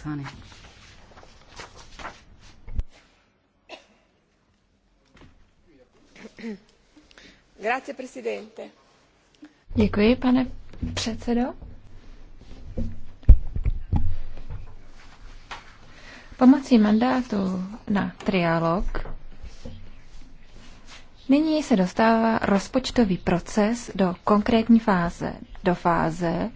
Botswany. Grazie, presidente. Děkuji, pane předsedo. Pomocí mandátu na trialog nyní se dostává rozpočtový proces do konkrétní fáze, do fáze,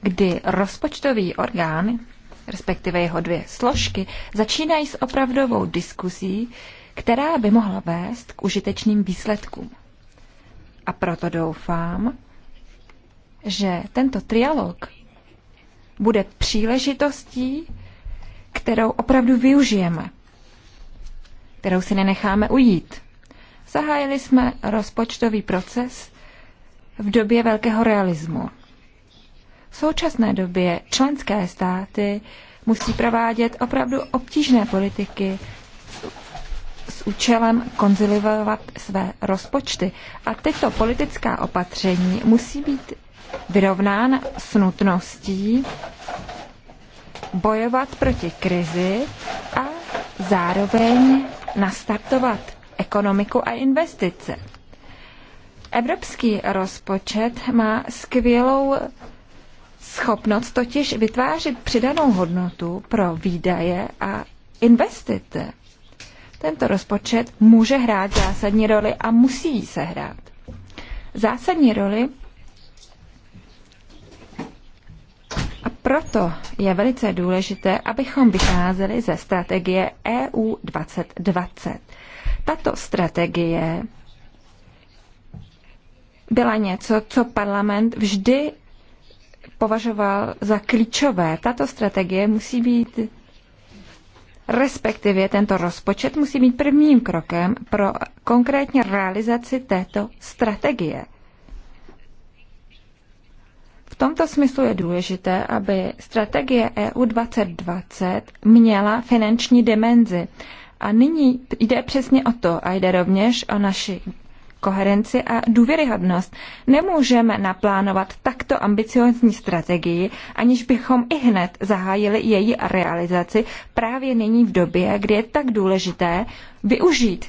kdy rozpočtový orgán, respektive jeho dvě složky, začínají s opravdovou diskuzí, která by mohla vést k užitečným výsledkům. A proto doufám, že tento trialog bude příležitostí, kterou opravdu využijeme, kterou si nenecháme ujít. Zahájili jsme rozpočtový proces v době velkého realismu. V současné době členské státy musí provádět opravdu obtížné politiky s účelem konzilivovat své rozpočty. A tyto politická opatření musí být vyrovnána s nutností bojovat proti krizi a zároveň nastartovat ekonomiku a investice. Evropský rozpočet má skvělou schopnost totiž vytvářet přidanou hodnotu pro výdaje a investice. Tento rozpočet může hrát zásadní roli a musí ji sehrát. Zásadní roli a proto je velice důležité, abychom vycházeli ze strategie EU 2020. Tato strategie byla něco, co parlament vždy považoval za klíčové. Tato strategie musí být, respektive tento rozpočet musí být prvním krokem pro konkrétně realizaci této strategie. V tomto smyslu je důležité, aby strategie EU 2020 měla finanční dimenzi. A nyní jde přesně o to a jde rovněž o naši koherenci a důvěryhodnost. Nemůžeme naplánovat takto ambiciozní strategii, aniž bychom i hned zahájili její realizaci právě nyní v době, kdy je tak důležité využít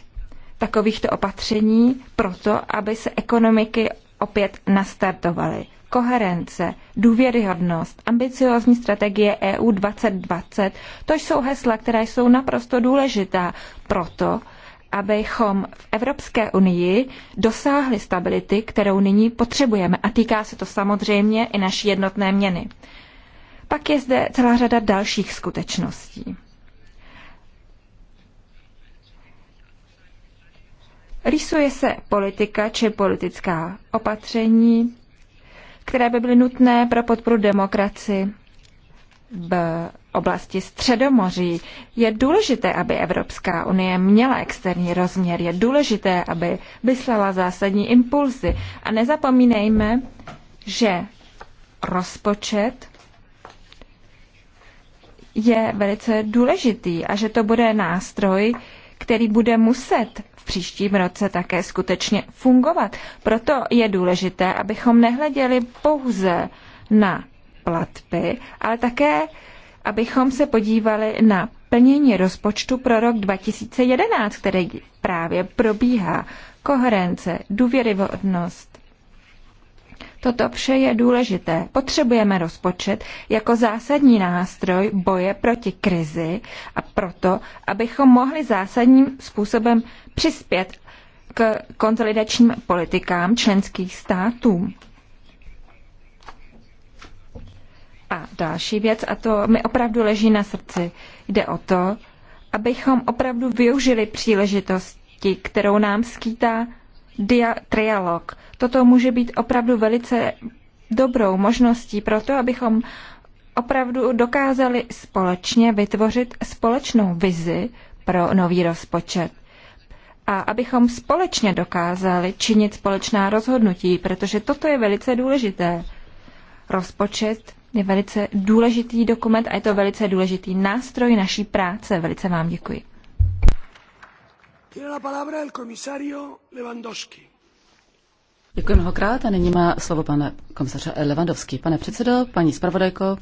takovýchto opatření proto, aby se ekonomiky opět nastartovaly koherence, důvěryhodnost, ambiciozní strategie EU 2020, to jsou hesla, která jsou naprosto důležitá proto, abychom v Evropské unii dosáhli stability, kterou nyní potřebujeme. A týká se to samozřejmě i naší jednotné měny. Pak je zde celá řada dalších skutečností. Rýsuje se politika či politická opatření, které by byly nutné pro podporu demokraci v oblasti Středomoří. Je důležité, aby Evropská unie měla externí rozměr, je důležité, aby vyslala zásadní impulzy. A nezapomínejme, že rozpočet je velice důležitý a že to bude nástroj, který bude muset v příštím roce také skutečně fungovat. Proto je důležité, abychom nehleděli pouze na platby, ale také abychom se podívali na plnění rozpočtu pro rok 2011, který právě probíhá. Koherence, důvěryhodnost. Toto vše je důležité. Potřebujeme rozpočet jako zásadní nástroj boje proti krizi a proto, abychom mohli zásadním způsobem přispět k konsolidačním politikám členských států. A další věc, a to mi opravdu leží na srdci, jde o to, abychom opravdu využili příležitosti, kterou nám skýtá dia- trialog. Toto může být opravdu velice dobrou možností pro to, abychom opravdu dokázali společně vytvořit společnou vizi pro nový rozpočet. A abychom společně dokázali činit společná rozhodnutí, protože toto je velice důležité. Rozpočet je velice důležitý dokument a je to velice důležitý nástroj naší práce. Velice vám děkuji. Děkuji mnohokrát a nyní má slovo pan komisař Levandovský. Pane předsedo, paní zpravodajko,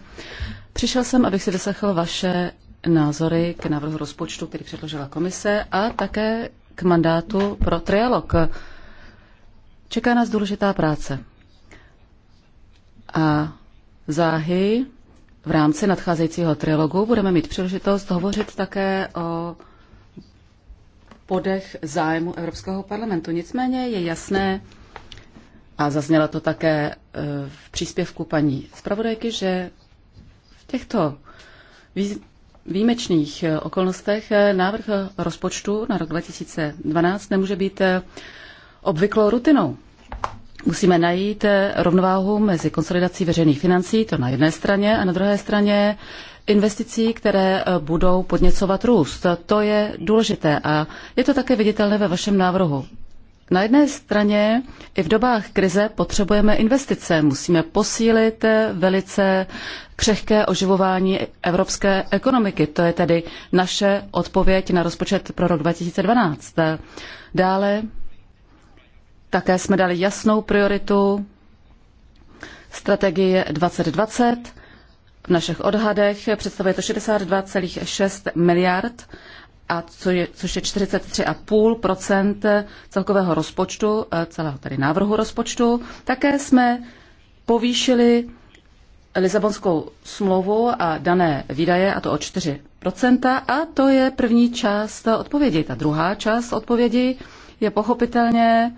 přišel jsem, abych si vyslechl vaše názory k návrhu rozpočtu, který předložila komise a také k mandátu pro trialog. Čeká nás důležitá práce. A záhy v rámci nadcházejícího trilogu budeme mít příležitost hovořit také o podech zájmu Evropského parlamentu. Nicméně je jasné, a zaznělo to také e, v příspěvku paní zpravodajky, že v těchto výjimečných e, okolnostech e, návrh rozpočtu na rok 2012 nemůže být obvyklou rutinou. Musíme najít eh, rovnováhu mezi konsolidací veřejných financí, to na jedné straně, a na druhé straně investicí, které eh, budou podněcovat růst. To je důležité a je to také viditelné ve vašem návrhu. Na jedné straně i v dobách krize potřebujeme investice. Musíme posílit eh, velice křehké oživování evropské ekonomiky. To je tedy naše odpověď na rozpočet pro rok 2012. Dále také jsme dali jasnou prioritu strategie 2020. V našich odhadech představuje to 62,6 miliard, a co je, což je 43,5 celkového rozpočtu, eh, celého tady návrhu rozpočtu. Také jsme povýšili Lisabonskou smlouvu a dané výdaje, a to o 4 a to je první část odpovědi. Ta druhá část odpovědi je pochopitelně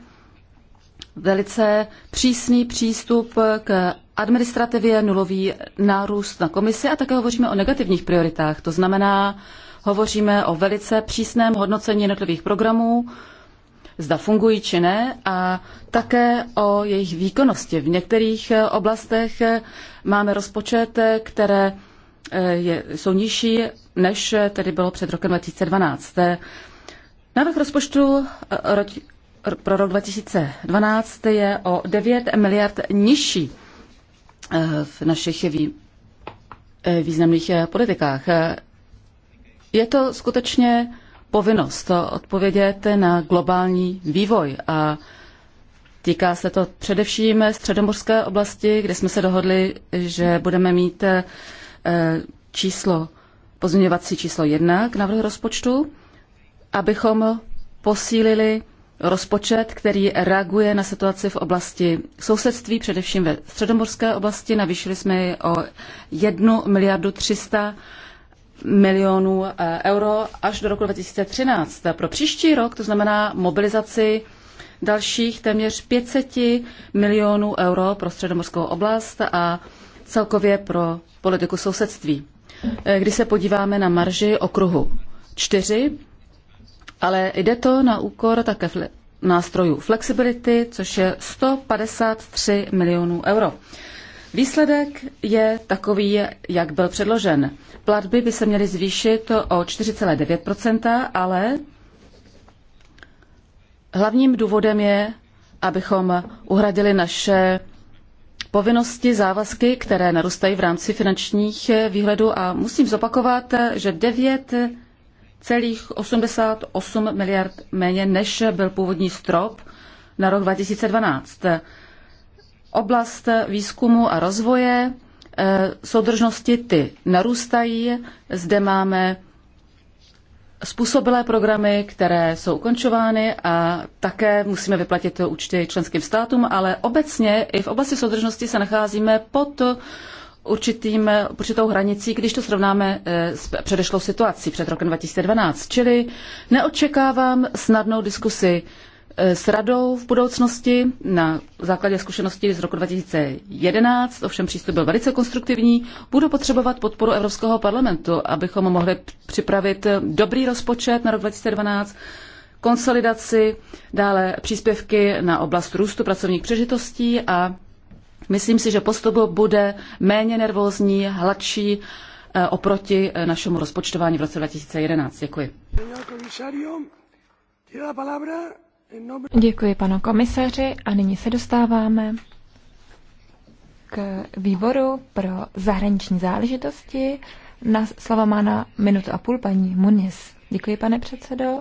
velice přísný přístup k administrativě, nulový nárůst na komisi a také hovoříme o negativních prioritách. To znamená, hovoříme o velice přísném hodnocení jednotlivých programů, zda fungují či ne, a také o jejich výkonnosti. V některých oblastech máme rozpočet, které eh, je, jsou nižší, než tedy bylo před rokem 2012. Návrh rozpočtu eh, pro rok 2012 je o 9 miliard nižší eh, v našich eh, významných eh, politikách. Je to skutečně povinnost odpovědět na globální vývoj a týká se to především středomorské oblasti, kde jsme se dohodli, že budeme mít číslo, pozměňovací číslo 1 k návrhu rozpočtu, abychom posílili rozpočet, který reaguje na situaci v oblasti sousedství, především ve středomorské oblasti. Navýšili jsme ji o 1 miliardu 300 milionů eh, euro až do roku 2013. Pro příští rok to znamená mobilizaci dalších téměř 500 milionů euro pro středomorskou oblast a celkově pro politiku sousedství. Eh, když se podíváme na marži okruhu 4, ale jde to na úkor také fle- nástrojů flexibility, což je 153 milionů euro. Výsledek je takový, jak byl předložen. Platby by se měly zvýšit o 4,9%, ale hlavním důvodem je, abychom uhradili naše povinnosti, závazky, které narůstají v rámci finančních výhledů a musím zopakovat, že 9 celých 88 miliard méně, než byl původní strop na rok 2012. Oblast výzkumu a rozvoje eh, soudržnosti ty narůstají. Zde máme způsobilé programy, které jsou ukončovány a také musíme vyplatit účty členským státům, ale obecně i v oblasti soudržnosti se nacházíme pod určitým, určitou hranicí, když to srovnáme eh, s předešlou situací před rokem 2012. Čili neočekávám snadnou diskusi eh, s radou v budoucnosti na základě zkušeností z roku 2011, ovšem přístup byl velice konstruktivní, budu potřebovat podporu Evropského parlamentu, abychom mohli připravit dobrý rozpočet na rok 2012, konsolidaci, dále příspěvky na oblast růstu pracovních přežitostí a Myslím si, že postup bude méně nervózní, hladší eh, oproti eh, našemu rozpočtování v roce 2011. Děkuji. Děkuji panu komisaři a nyní se dostáváme k výboru pro zahraniční záležitosti. Na slovo má na minutu a půl paní Muniz. Děkuji, pane předsedo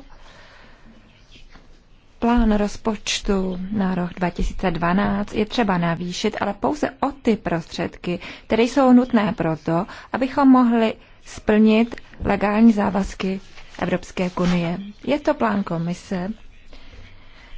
plán rozpočtu na rok 2012 je třeba navýšit, ale pouze o ty prostředky, které jsou nutné proto, abychom mohli splnit legální závazky Evropské unie. Je to plán komise.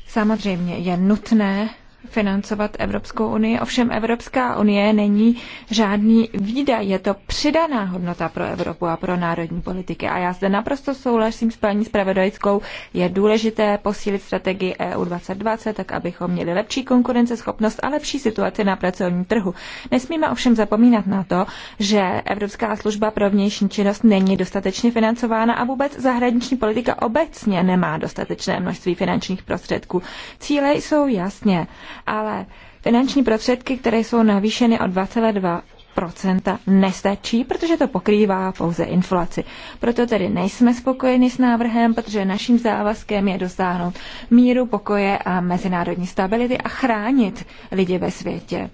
Samozřejmě je nutné financovat Evropskou unii. Ovšem Evropská unie není žádný výdaj, je to přidaná hodnota pro Evropu a pro národní politiky. A já zde naprosto souhlasím s paní spravodajskou. Je důležité posílit strategii EU 2020, tak abychom měli lepší konkurenceschopnost a lepší situaci na pracovním trhu. Nesmíme ovšem zapomínat na to, že Evropská služba pro vnější činnost není dostatečně financována a vůbec zahraniční politika obecně nemá dostatečné množství finančních prostředků. Cíle jsou jasně ale finanční prostředky, které jsou navýšeny o 2,2 procenta nestačí, protože to pokrývá pouze inflaci. Proto tedy nejsme spokojeni s návrhem, protože naším závazkem je dosáhnout míru, pokoje a mezinárodní stability a chránit lidi ve světě.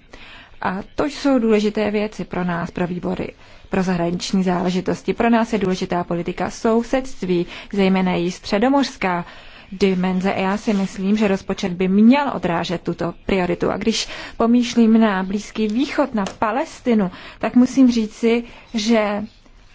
A to jsou důležité věci pro nás, pro výbory pro zahraniční záležitosti. Pro nás je důležitá politika sousedství, zejména její středomořská dimenze. Já si myslím, že rozpočet by měl odrážet tuto prioritu. A když pomýšlím na Blízký východ, na Palestinu, tak musím říci, že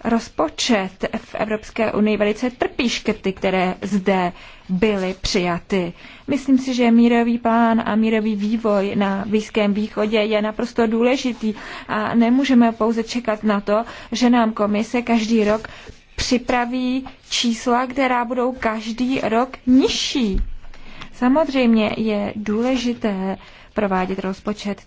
rozpočet v Evropské unii velice trpí škrty, které zde byly přijaty. Myslím si, že mírový plán a mírový vývoj na Blízkém východě je naprosto důležitý a nemůžeme pouze čekat na to, že nám komise každý rok připraví čísla, která budou každý rok nižší. Samozřejmě je důležité provádět rozpočet,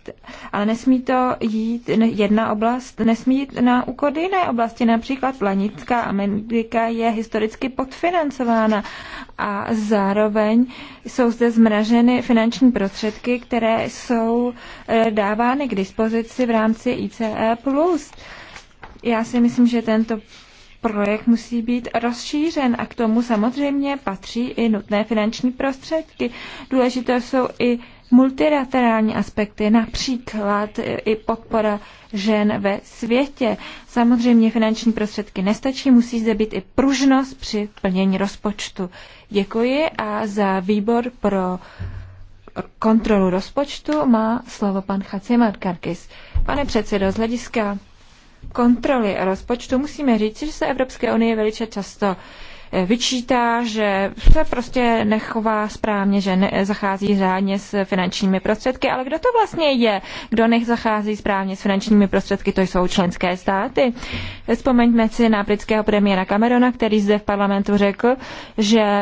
ale nesmí to jít jedna oblast, nesmí jít na úkor jiné oblasti. Například Planická Amerika je historicky podfinancována a zároveň jsou zde zmraženy finanční prostředky, které jsou eh, dávány k dispozici v rámci ICE+. Já si myslím, že tento projekt musí být rozšířen a k tomu samozřejmě patří i nutné finanční prostředky. Důležité jsou i multilaterální aspekty, například i podpora žen ve světě. Samozřejmě finanční prostředky nestačí, musí zde být i pružnost při plnění rozpočtu. Děkuji a za výbor pro kontrolu rozpočtu má slovo pan Karkis. Pane předsedo, z hlediska kontroly rozpočtu musíme říct, že se Evropské unie velice často eh, vyčítá, že se prostě nechová správně, že nezachází řádně s finančními prostředky. Ale kdo to vlastně je, kdo nezachází správně s finančními prostředky, to jsou členské státy. Vzpomeňme si na britského premiéra Camerona, který zde v parlamentu řekl, že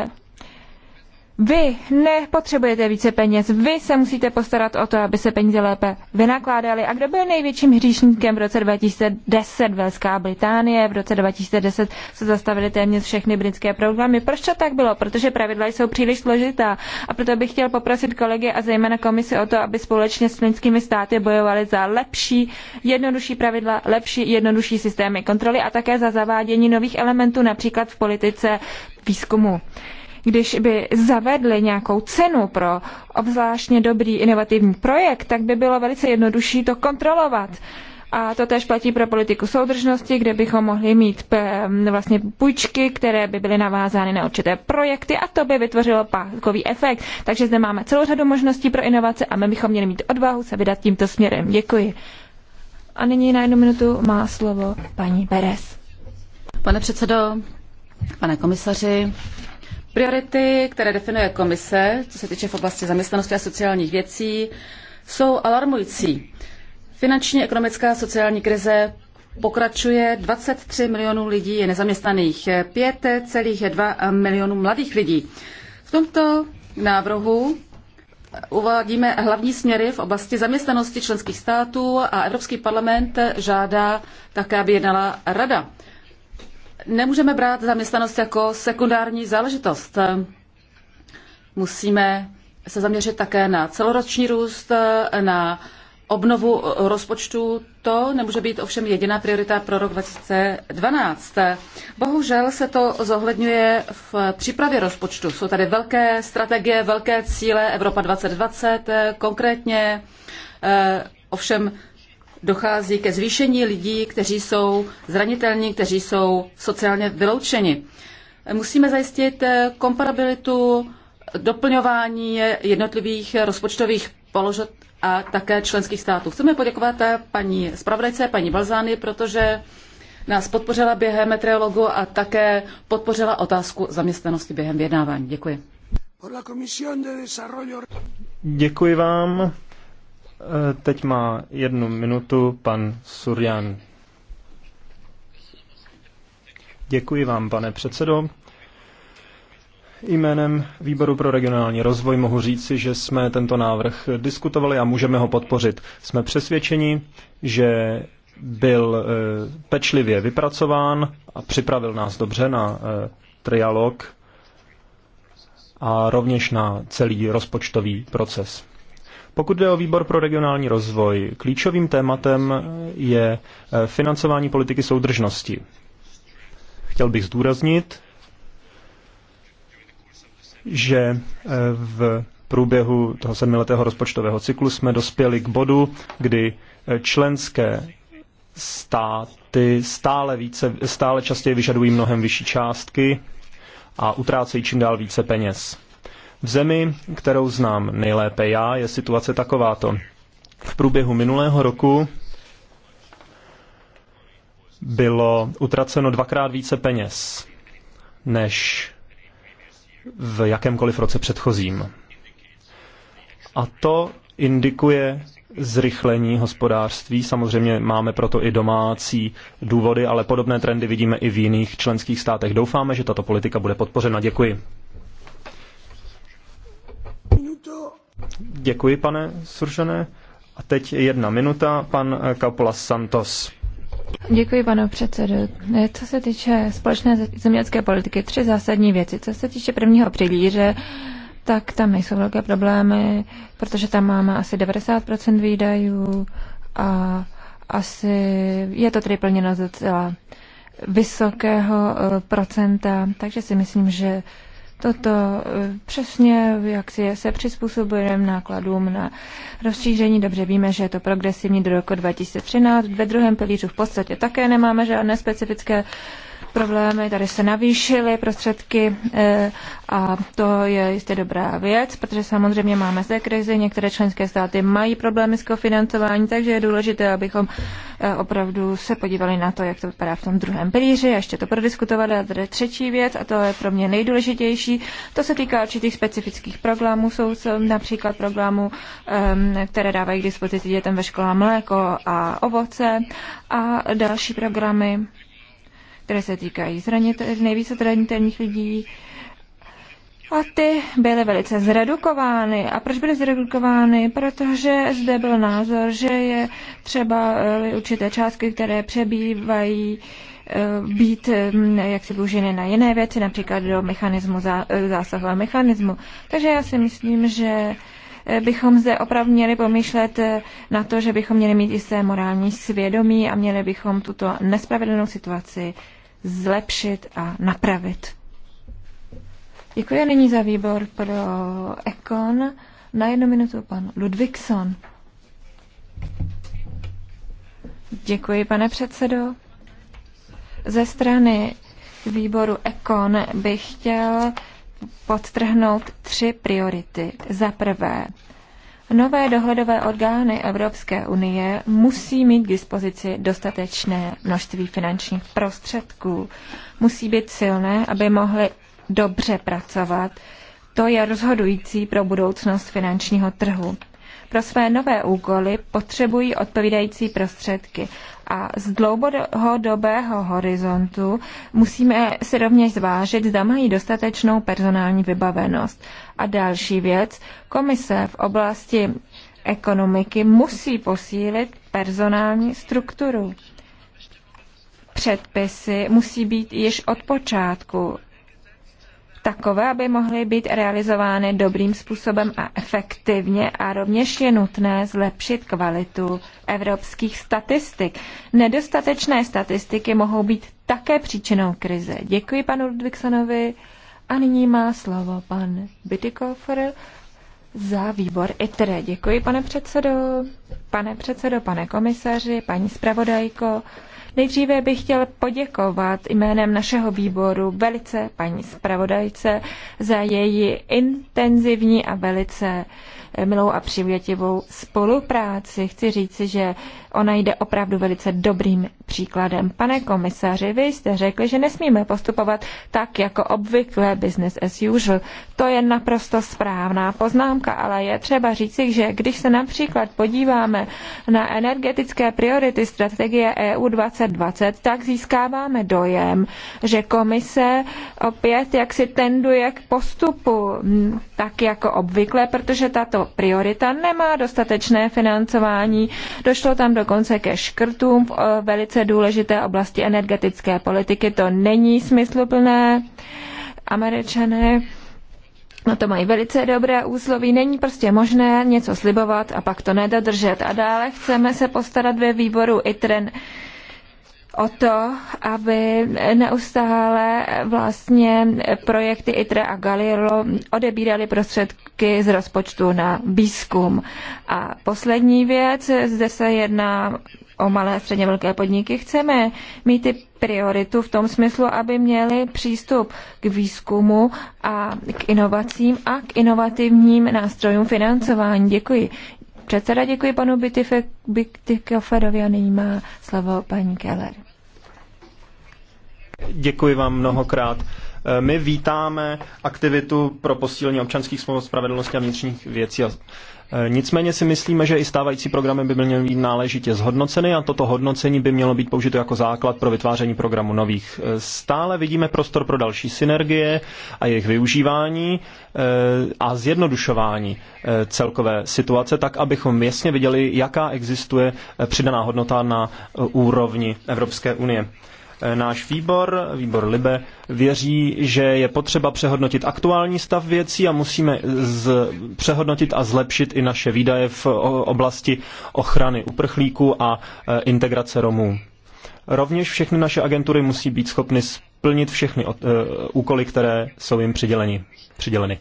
vy nepotřebujete více peněz, vy se musíte postarat o to, aby se peníze lépe vynakládaly. A kdo byl největším hříšníkem v roce 2010? Velká Británie, v roce 2010 se zastavily téměř všechny britské programy. Proč to tak bylo? Protože pravidla jsou příliš složitá. A proto bych chtěl poprosit kolegy a zejména komisi o to, aby společně s členskými státy bojovali za lepší, jednodušší pravidla, lepší, jednodušší systémy kontroly a také za zavádění nových elementů, například v politice výzkumu když by zavedli nějakou cenu pro obzvláštně dobrý inovativní projekt, tak by bylo velice jednodušší to kontrolovat. A to tež platí pro politiku soudržnosti, kde bychom mohli mít eh, vlastně půjčky, které by byly navázány na určité projekty a to by vytvořilo pákový efekt. Takže zde máme celou řadu možností pro inovace a my bychom měli mít odvahu se vydat tímto směrem. Děkuji. A nyní na jednu minutu má slovo paní Beres. Pane předsedo, pane komisaři, Priority, které definuje komise, co se týče v oblasti zaměstnanosti a sociálních věcí, jsou alarmující. Finanční, ekonomická a sociální krize pokračuje. 23 milionů lidí je nezaměstnaných, 5,2 milionů mladých lidí. V tomto návrhu uvádíme hlavní směry v oblasti zaměstnanosti členských států a Evropský parlament žádá také, aby jednala Rada nemůžeme brát zaměstnanost jako sekundární záležitost. Musíme se zaměřit také na celoroční růst, na obnovu rozpočtu. To nemůže být ovšem jediná priorita pro rok 2012. Bohužel se to zohledňuje v přípravě rozpočtu. Jsou tady velké strategie, velké cíle Evropa 2020, konkrétně eh, ovšem dochází ke zvýšení lidí, kteří jsou zranitelní, kteří jsou sociálně vyloučeni. Musíme zajistit eh, komparabilitu doplňování jednotlivých rozpočtových položek a také členských států. Chceme poděkovat eh, paní zpravodajce, paní Balzány, protože nás podpořila během meteorologu a také podpořila otázku zaměstnanosti během vyjednávání. Děkuji. Děkuji vám. Eh, teď má jednu minutu pan Surjan. Děkuji vám, pane předsedo. Jménem Výboru pro regionální rozvoj mohu říci, že jsme tento návrh diskutovali a můžeme ho podpořit. Jsme přesvědčeni, že byl eh, pečlivě vypracován a připravil nás dobře na eh, trialog a rovněž na celý rozpočtový proces. Pokud jde o výbor pro regionální rozvoj, klíčovým tématem je eh, financování politiky soudržnosti. Chtěl bych zdůraznit, že eh, v průběhu toho sedmiletého rozpočtového cyklu jsme dospěli k bodu, kdy eh, členské státy stále, více, stále častěji vyžadují mnohem vyšší částky a utrácejí čím dál více peněz. V zemi, kterou znám nejlépe já, je situace takováto. V průběhu minulého roku bylo utraceno dvakrát více peněz než v jakémkoliv roce předchozím. A to indikuje zrychlení hospodářství. Samozřejmě máme proto i domácí důvody, ale podobné trendy vidíme i v jiných členských státech. Doufáme, že tato politika bude podpořena. Děkuji. Děkuji, pane Suržané. A teď jedna minuta, pan Kapolas Santos. Děkuji, pane předsedo. Eh, co se týče společné zemědělské politiky, tři zásadní věci. Co se týče prvního přilíře, tak tam nejsou velké problémy, protože tam máme asi 90% výdajů a asi je to tedy plněno docela vysokého procenta, takže si myslím, že Toto eh, přesně, jak si se přizpůsobujeme nákladům na rozšíření. Dobře víme, že je to progresivní do roku 2013. Ve druhém pilíři v podstatě také nemáme žádné specifické problémy, tady se navýšily prostředky e, a to je jistě dobrá věc, protože samozřejmě máme zde krizi, některé členské státy mají problémy s kofinancování, takže je důležité, abychom e, opravdu se podívali na to, jak to vypadá v tom druhém pilíři, ještě to prodiskutovat a tady třetí věc a to je pro mě nejdůležitější. To se týká určitých specifických programů, jsou například programů, které dávají k dispozici dětem ve školách mléko a ovoce a další programy které se týkají zranitel, nejvíce zranitelných lidí. A ty byly velice zredukovány. A proč byly zredukovány? Protože zde byl názor, že je třeba eh, určité částky, které přebývají, eh, být mm, jak si dluženy na jiné věci, například do mechanismu, eh, zásahového mechanismu. Takže já si myslím, že bychom zde opravdu měli pomýšlet na to, že bychom měli mít jisté morální svědomí a měli bychom tuto nespravedlnou situaci zlepšit a napravit. Děkuji nyní za výbor pro Ekon. Na jednu minutu pan Ludvíkson. Děkuji, pane předsedo. Ze strany výboru Ekon bych chtěl podtrhnout tři priority. Za prvé, Nové dohledové orgány Evropské unie musí mít k dispozici dostatečné množství finančních prostředků. Musí být silné, aby mohly dobře pracovat. To je rozhodující pro budoucnost finančního trhu pro své nové úkoly potřebují odpovídající prostředky. A z dlouhodobého horizontu musíme si rovněž zvážit, zda mají dostatečnou personální vybavenost. A další věc, komise v oblasti ekonomiky musí posílit personální strukturu předpisy musí být již od počátku takové, aby mohly být realizovány dobrým způsobem a efektivně a rovněž je nutné zlepšit kvalitu evropských statistik. Nedostatečné statistiky mohou být také příčinou krize. Děkuji panu Ludvigsonovi a nyní má slovo pan Bytikofer za výbor ITRE. Děkuji, pane předsedo, pane předsedo, pane komisaři, paní zpravodajko. Nejdříve bych chtěl poděkovat jménem našeho výboru velice paní zpravodajce za její intenzivní a velice eh, milou a přivětivou spolupráci. Chci říci, že ona jde opravdu velice dobrým příkladem. Pane komisaři, vy jste řekli, že nesmíme postupovat tak jako obvykle business as usual. To je naprosto správná poznámka, ale je třeba říci, že když se například podíváme na energetické priority strategie EU 20 2020, tak získáváme dojem, že komise opět jaksi tenduje k postupu, tak jako obvykle, protože tato priorita nemá dostatečné financování. Došlo tam dokonce ke škrtům v eh, velice důležité oblasti energetické politiky. To není smysluplné. Američané No to mají velice dobré úsloví, není prostě možné něco slibovat a pak to nedodržet. A dále chceme se postarat ve výboru ITREN o to, aby neustále vlastně projekty ITRE a Galileo odebíraly prostředky z rozpočtu na výzkum. A poslední věc, zde se jedná o malé a středně velké podniky. Chceme mít ty prioritu v tom smyslu, aby měli přístup k výzkumu a k inovacím a k inovativním nástrojům financování. Děkuji. Předseda děkuji panu Bitikoferovi a nyní má slovo paní Keller. Děkuji vám mnohokrát. My vítáme aktivitu pro posílení občanských smluv spravedlnosti a vnitřních věcí. Nicméně si myslíme, že i stávající programy by měly být náležitě zhodnoceny a toto hodnocení by mělo být použito jako základ pro vytváření programu nových. Stále vidíme prostor pro další synergie a jejich využívání eh, a zjednodušování eh, celkové situace, tak abychom jasně viděli, jaká existuje eh, přidaná hodnota na úrovni Evropské unie. Eh, náš výbor, výbor Libe, věří, že je potřeba přehodnotit aktuální stav věcí a musíme z, přehodnotit a zlepšit i naše výdaje v oblasti ochrany uprchlíků a eh, integrace Romů. Rovněž všechny naše agentury musí být schopny splnit všechny eh, úkoly, které jsou jim přiděleni. přiděleny.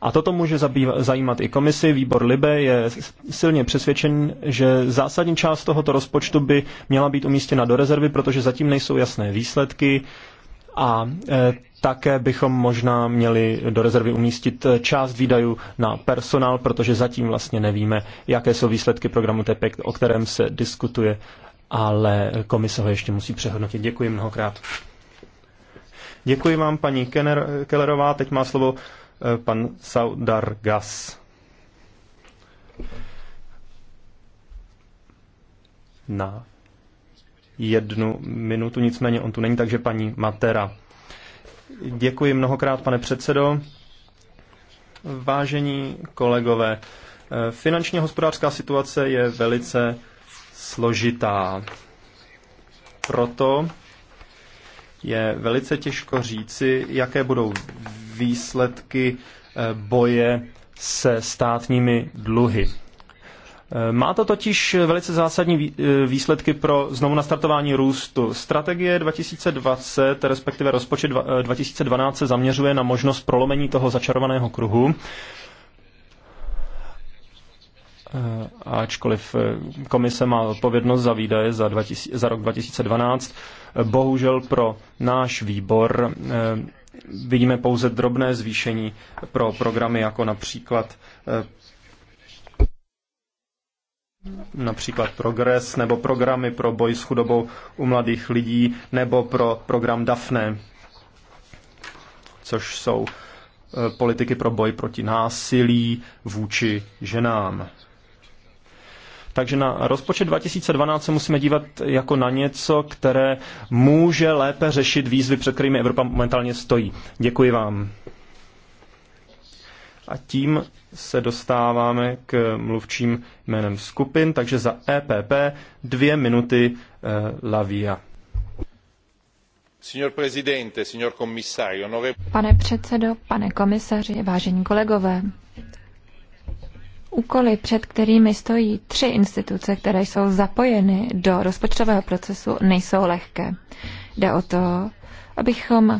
A toto může zajímat i komisi. Výbor Libe je silně přesvědčen, že zásadní část tohoto rozpočtu by měla být umístěna do rezervy, protože zatím nejsou jasné výsledky a e, také bychom možná měli do rezervy umístit e, část výdajů na personál, protože zatím vlastně nevíme, jaké jsou výsledky programu TPEC, o kterém se diskutuje, ale komise ho ještě musí přehodnotit. Děkuji mnohokrát. Děkuji vám, paní Kenner, Kellerová. Teď má slovo Eh, pan Saudar Gas. Na jednu minutu, nicméně on tu není, takže paní Matera. Děkuji mnohokrát, pane předsedo. Vážení kolegové, eh, finančně hospodářská situace je velice složitá. Proto je velice těžko říci, jaké budou výsledky eh, boje se státními dluhy. Eh, má to totiž velice zásadní eh, výsledky pro znovu nastartování růstu. Strategie 2020, respektive rozpočet 2012, se zaměřuje na možnost prolomení toho začarovaného kruhu. Ačkoliv komise má odpovědnost za výdaje za, 2000, za rok 2012, bohužel pro náš výbor vidíme pouze drobné zvýšení pro programy jako například eh, například Progres nebo programy pro boj s chudobou u mladých lidí nebo pro program DAFNE, což jsou eh, politiky pro boj proti násilí vůči ženám. Takže na rozpočet 2012 se musíme dívat jako na něco, které může lépe řešit výzvy, před kterými Evropa momentálně stojí. Děkuji vám. A tím se dostáváme k mluvčím jménem skupin, takže za EPP dvě minuty eh, Lavia. Pane předsedo, pane komisaři, vážení kolegové, úkoly, před kterými stojí tři instituce, které jsou zapojeny do rozpočtového procesu, nejsou lehké. Jde o to, abychom e,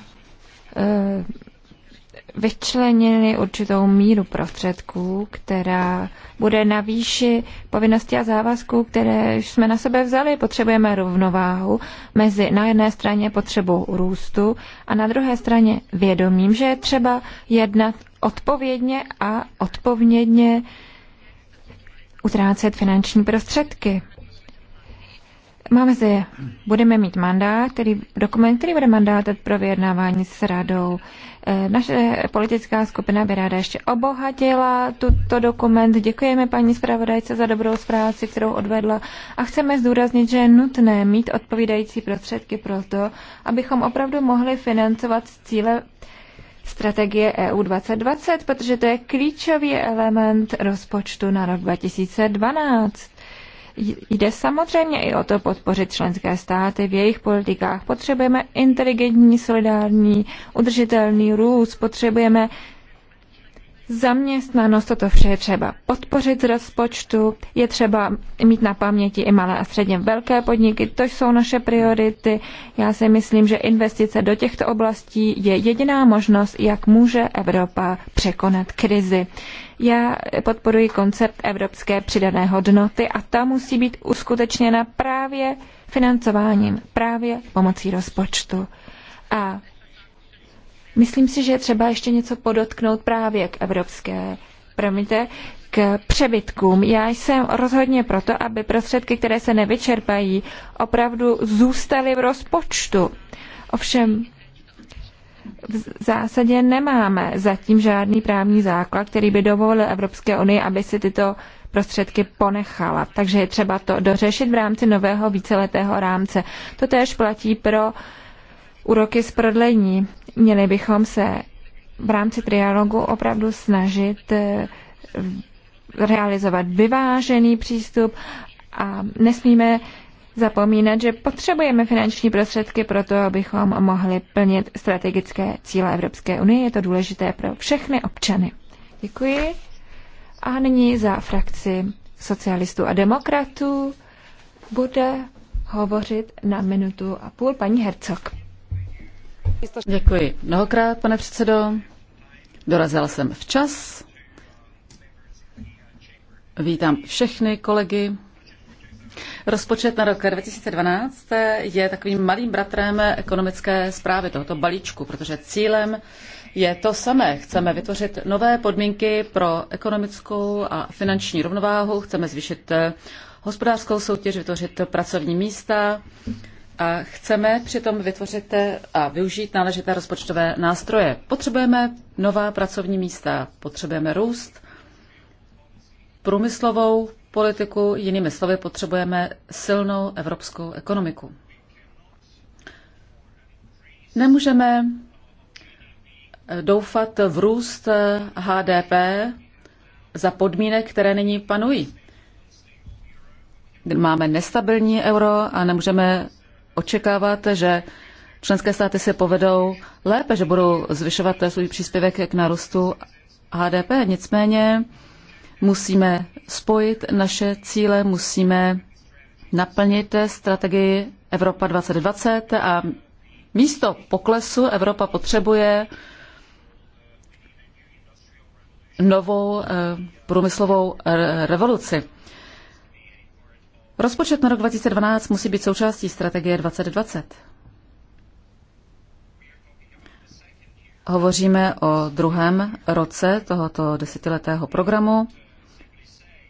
vyčlenili určitou míru prostředků, která bude na výši povinností a závazků, které jsme na sebe vzali. Potřebujeme rovnováhu mezi na jedné straně potřebou růstu a na druhé straně vědomím, že je třeba jednat odpovědně a odpovědně utrácet finanční prostředky. Máme zde, budeme mít mandát, který, dokument, který bude mandátet pro vyjednávání s radou. E, naše politická skupina by ráda ještě obohatila tuto dokument. Děkujeme paní zpravodajce za dobrou zpráci, kterou odvedla a chceme zdůraznit, že je nutné mít odpovídající prostředky pro to, abychom opravdu mohli financovat cíle strategie EU 2020, protože to je klíčový element rozpočtu na rok 2012. Jde samozřejmě i o to podpořit členské státy v jejich politikách. Potřebujeme inteligentní, solidární, udržitelný růst, potřebujeme Zaměstnanost, toto vše je třeba podpořit z rozpočtu, je třeba mít na paměti i malé a středně velké podniky, to jsou naše priority. Já si myslím, že investice do těchto oblastí je jediná možnost, jak může Evropa překonat krizi. Já podporuji koncept evropské přidané hodnoty a ta musí být uskutečněna právě financováním, právě pomocí rozpočtu. A Myslím si, že je třeba ještě něco podotknout právě k evropské, promiňte, k přebytkům. Já jsem rozhodně proto, aby prostředky, které se nevyčerpají, opravdu zůstaly v rozpočtu. Ovšem, v zásadě nemáme zatím žádný právní základ, který by dovolil Evropské unii, aby si tyto prostředky ponechala. Takže je třeba to dořešit v rámci nového víceletého rámce. To též platí pro úroky z prodlení. Měli bychom se v rámci trialogu opravdu snažit eh, realizovat vyvážený přístup a nesmíme zapomínat, že potřebujeme finanční prostředky pro to, abychom mohli plnit strategické cíle Evropské unie. Je to důležité pro všechny občany. Děkuji. A nyní za frakci socialistů a demokratů bude hovořit na minutu a půl paní Hercog. Děkuji mnohokrát, pane předsedo. Dorazila jsem včas. Vítám všechny kolegy. Rozpočet na rok 2012 je takovým malým bratrem ekonomické zprávy tohoto balíčku, protože cílem je to samé. Chceme vytvořit nové podmínky pro ekonomickou a finanční rovnováhu, chceme zvýšit hospodářskou soutěž, vytvořit pracovní místa, a chceme přitom vytvořit a využít náležité rozpočtové nástroje. Potřebujeme nová pracovní místa, potřebujeme růst, průmyslovou politiku, jinými slovy potřebujeme silnou evropskou ekonomiku. Nemůžeme eh, doufat v růst HDP eh, za podmínek, které nyní panují. Máme nestabilní euro a nemůžeme Očekáváte, že členské státy se povedou lépe, že budou zvyšovat svůj příspěvek k nárůstu HDP. Nicméně musíme spojit naše cíle, musíme naplnit strategii Evropa 2020 a místo poklesu Evropa potřebuje novou eh, průmyslovou eh, revoluci. Rozpočet na rok 2012 musí být součástí strategie 2020. Hovoříme o druhém roce tohoto desetiletého programu.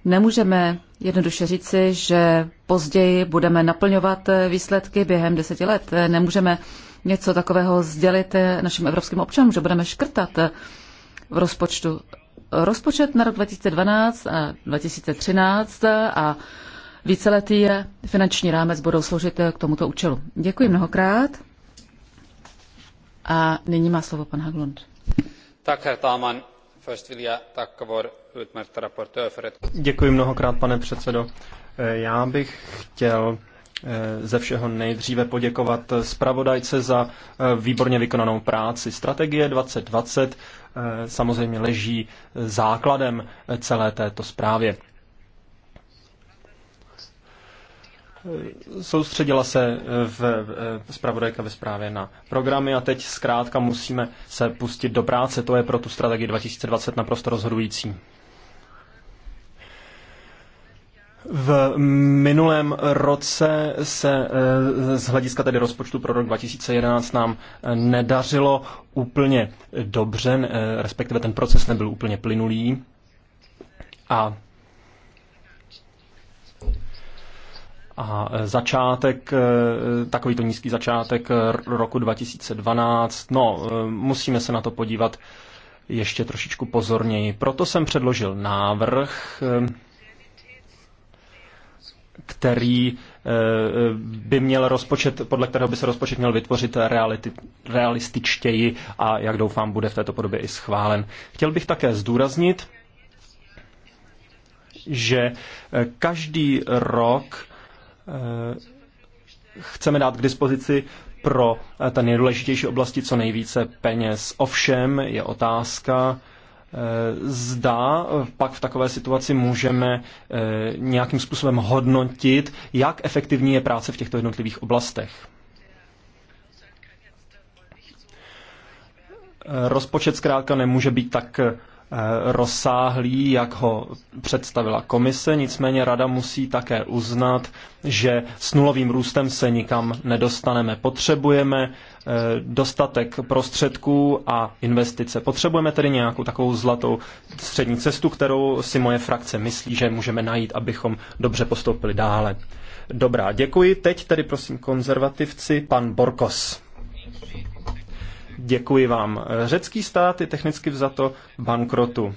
Nemůžeme jednoduše říci, že později budeme naplňovat výsledky během deseti let. Nemůžeme něco takového sdělit našim evropským občanům, že budeme škrtat v rozpočtu. Rozpočet na rok 2012 a 2013 a víceletý finanční rámec budou sloužit eh, k tomuto účelu. Děkuji mnohokrát. A nyní má slovo pan Haglund. Tak, herr Táman. Děkuji mnohokrát, pane předsedo. Eh, já bych chtěl eh, ze všeho nejdříve poděkovat zpravodajce za výborně vykonanou práci. Strategie 2020 samozřejmě leží základem celé této zprávě. soustředila se v, zpravodajka ve zprávě na programy a teď zkrátka musíme se pustit do práce. To je pro tu strategii 2020 naprosto rozhodující. V minulém roce se eh, z hlediska tedy rozpočtu pro rok 2011 nám eh, nedařilo úplně dobře, eh, respektive ten proces nebyl úplně plynulý. A A e, začátek, e, takovýto nízký začátek e, roku 2012, no, musíme se na to podívat ještě trošičku pozorněji. Proto jsem předložil návrh, který by měl rozpočet, podle kterého by se rozpočet měl vytvořit reality, realističtěji a jak doufám, bude v této podobě i schválen. Chtěl bych také zdůraznit, že každý rok Eh, chceme dát k dispozici pro eh, ta nejdůležitější oblasti co nejvíce peněz. Ovšem je otázka, eh, zda pak v takové situaci můžeme nějakým způsobem hodnotit, jak efektivní je práce v těchto jednotlivých oblastech. Rozpočet zkrátka nemůže být tak Eh, rozsáhlý, jak ho představila komise, nicméně rada musí také uznat, že s nulovým růstem se nikam nedostaneme. Potřebujeme eh, dostatek prostředků a investice. Potřebujeme tedy nějakou takovou zlatou střední cestu, kterou si moje frakce myslí, že můžeme najít, abychom dobře postoupili dále. Dobrá, děkuji. Teď tedy prosím konzervativci, pan Borkos. Děkuji vám. Řecký stát je technicky vzato bankrotu.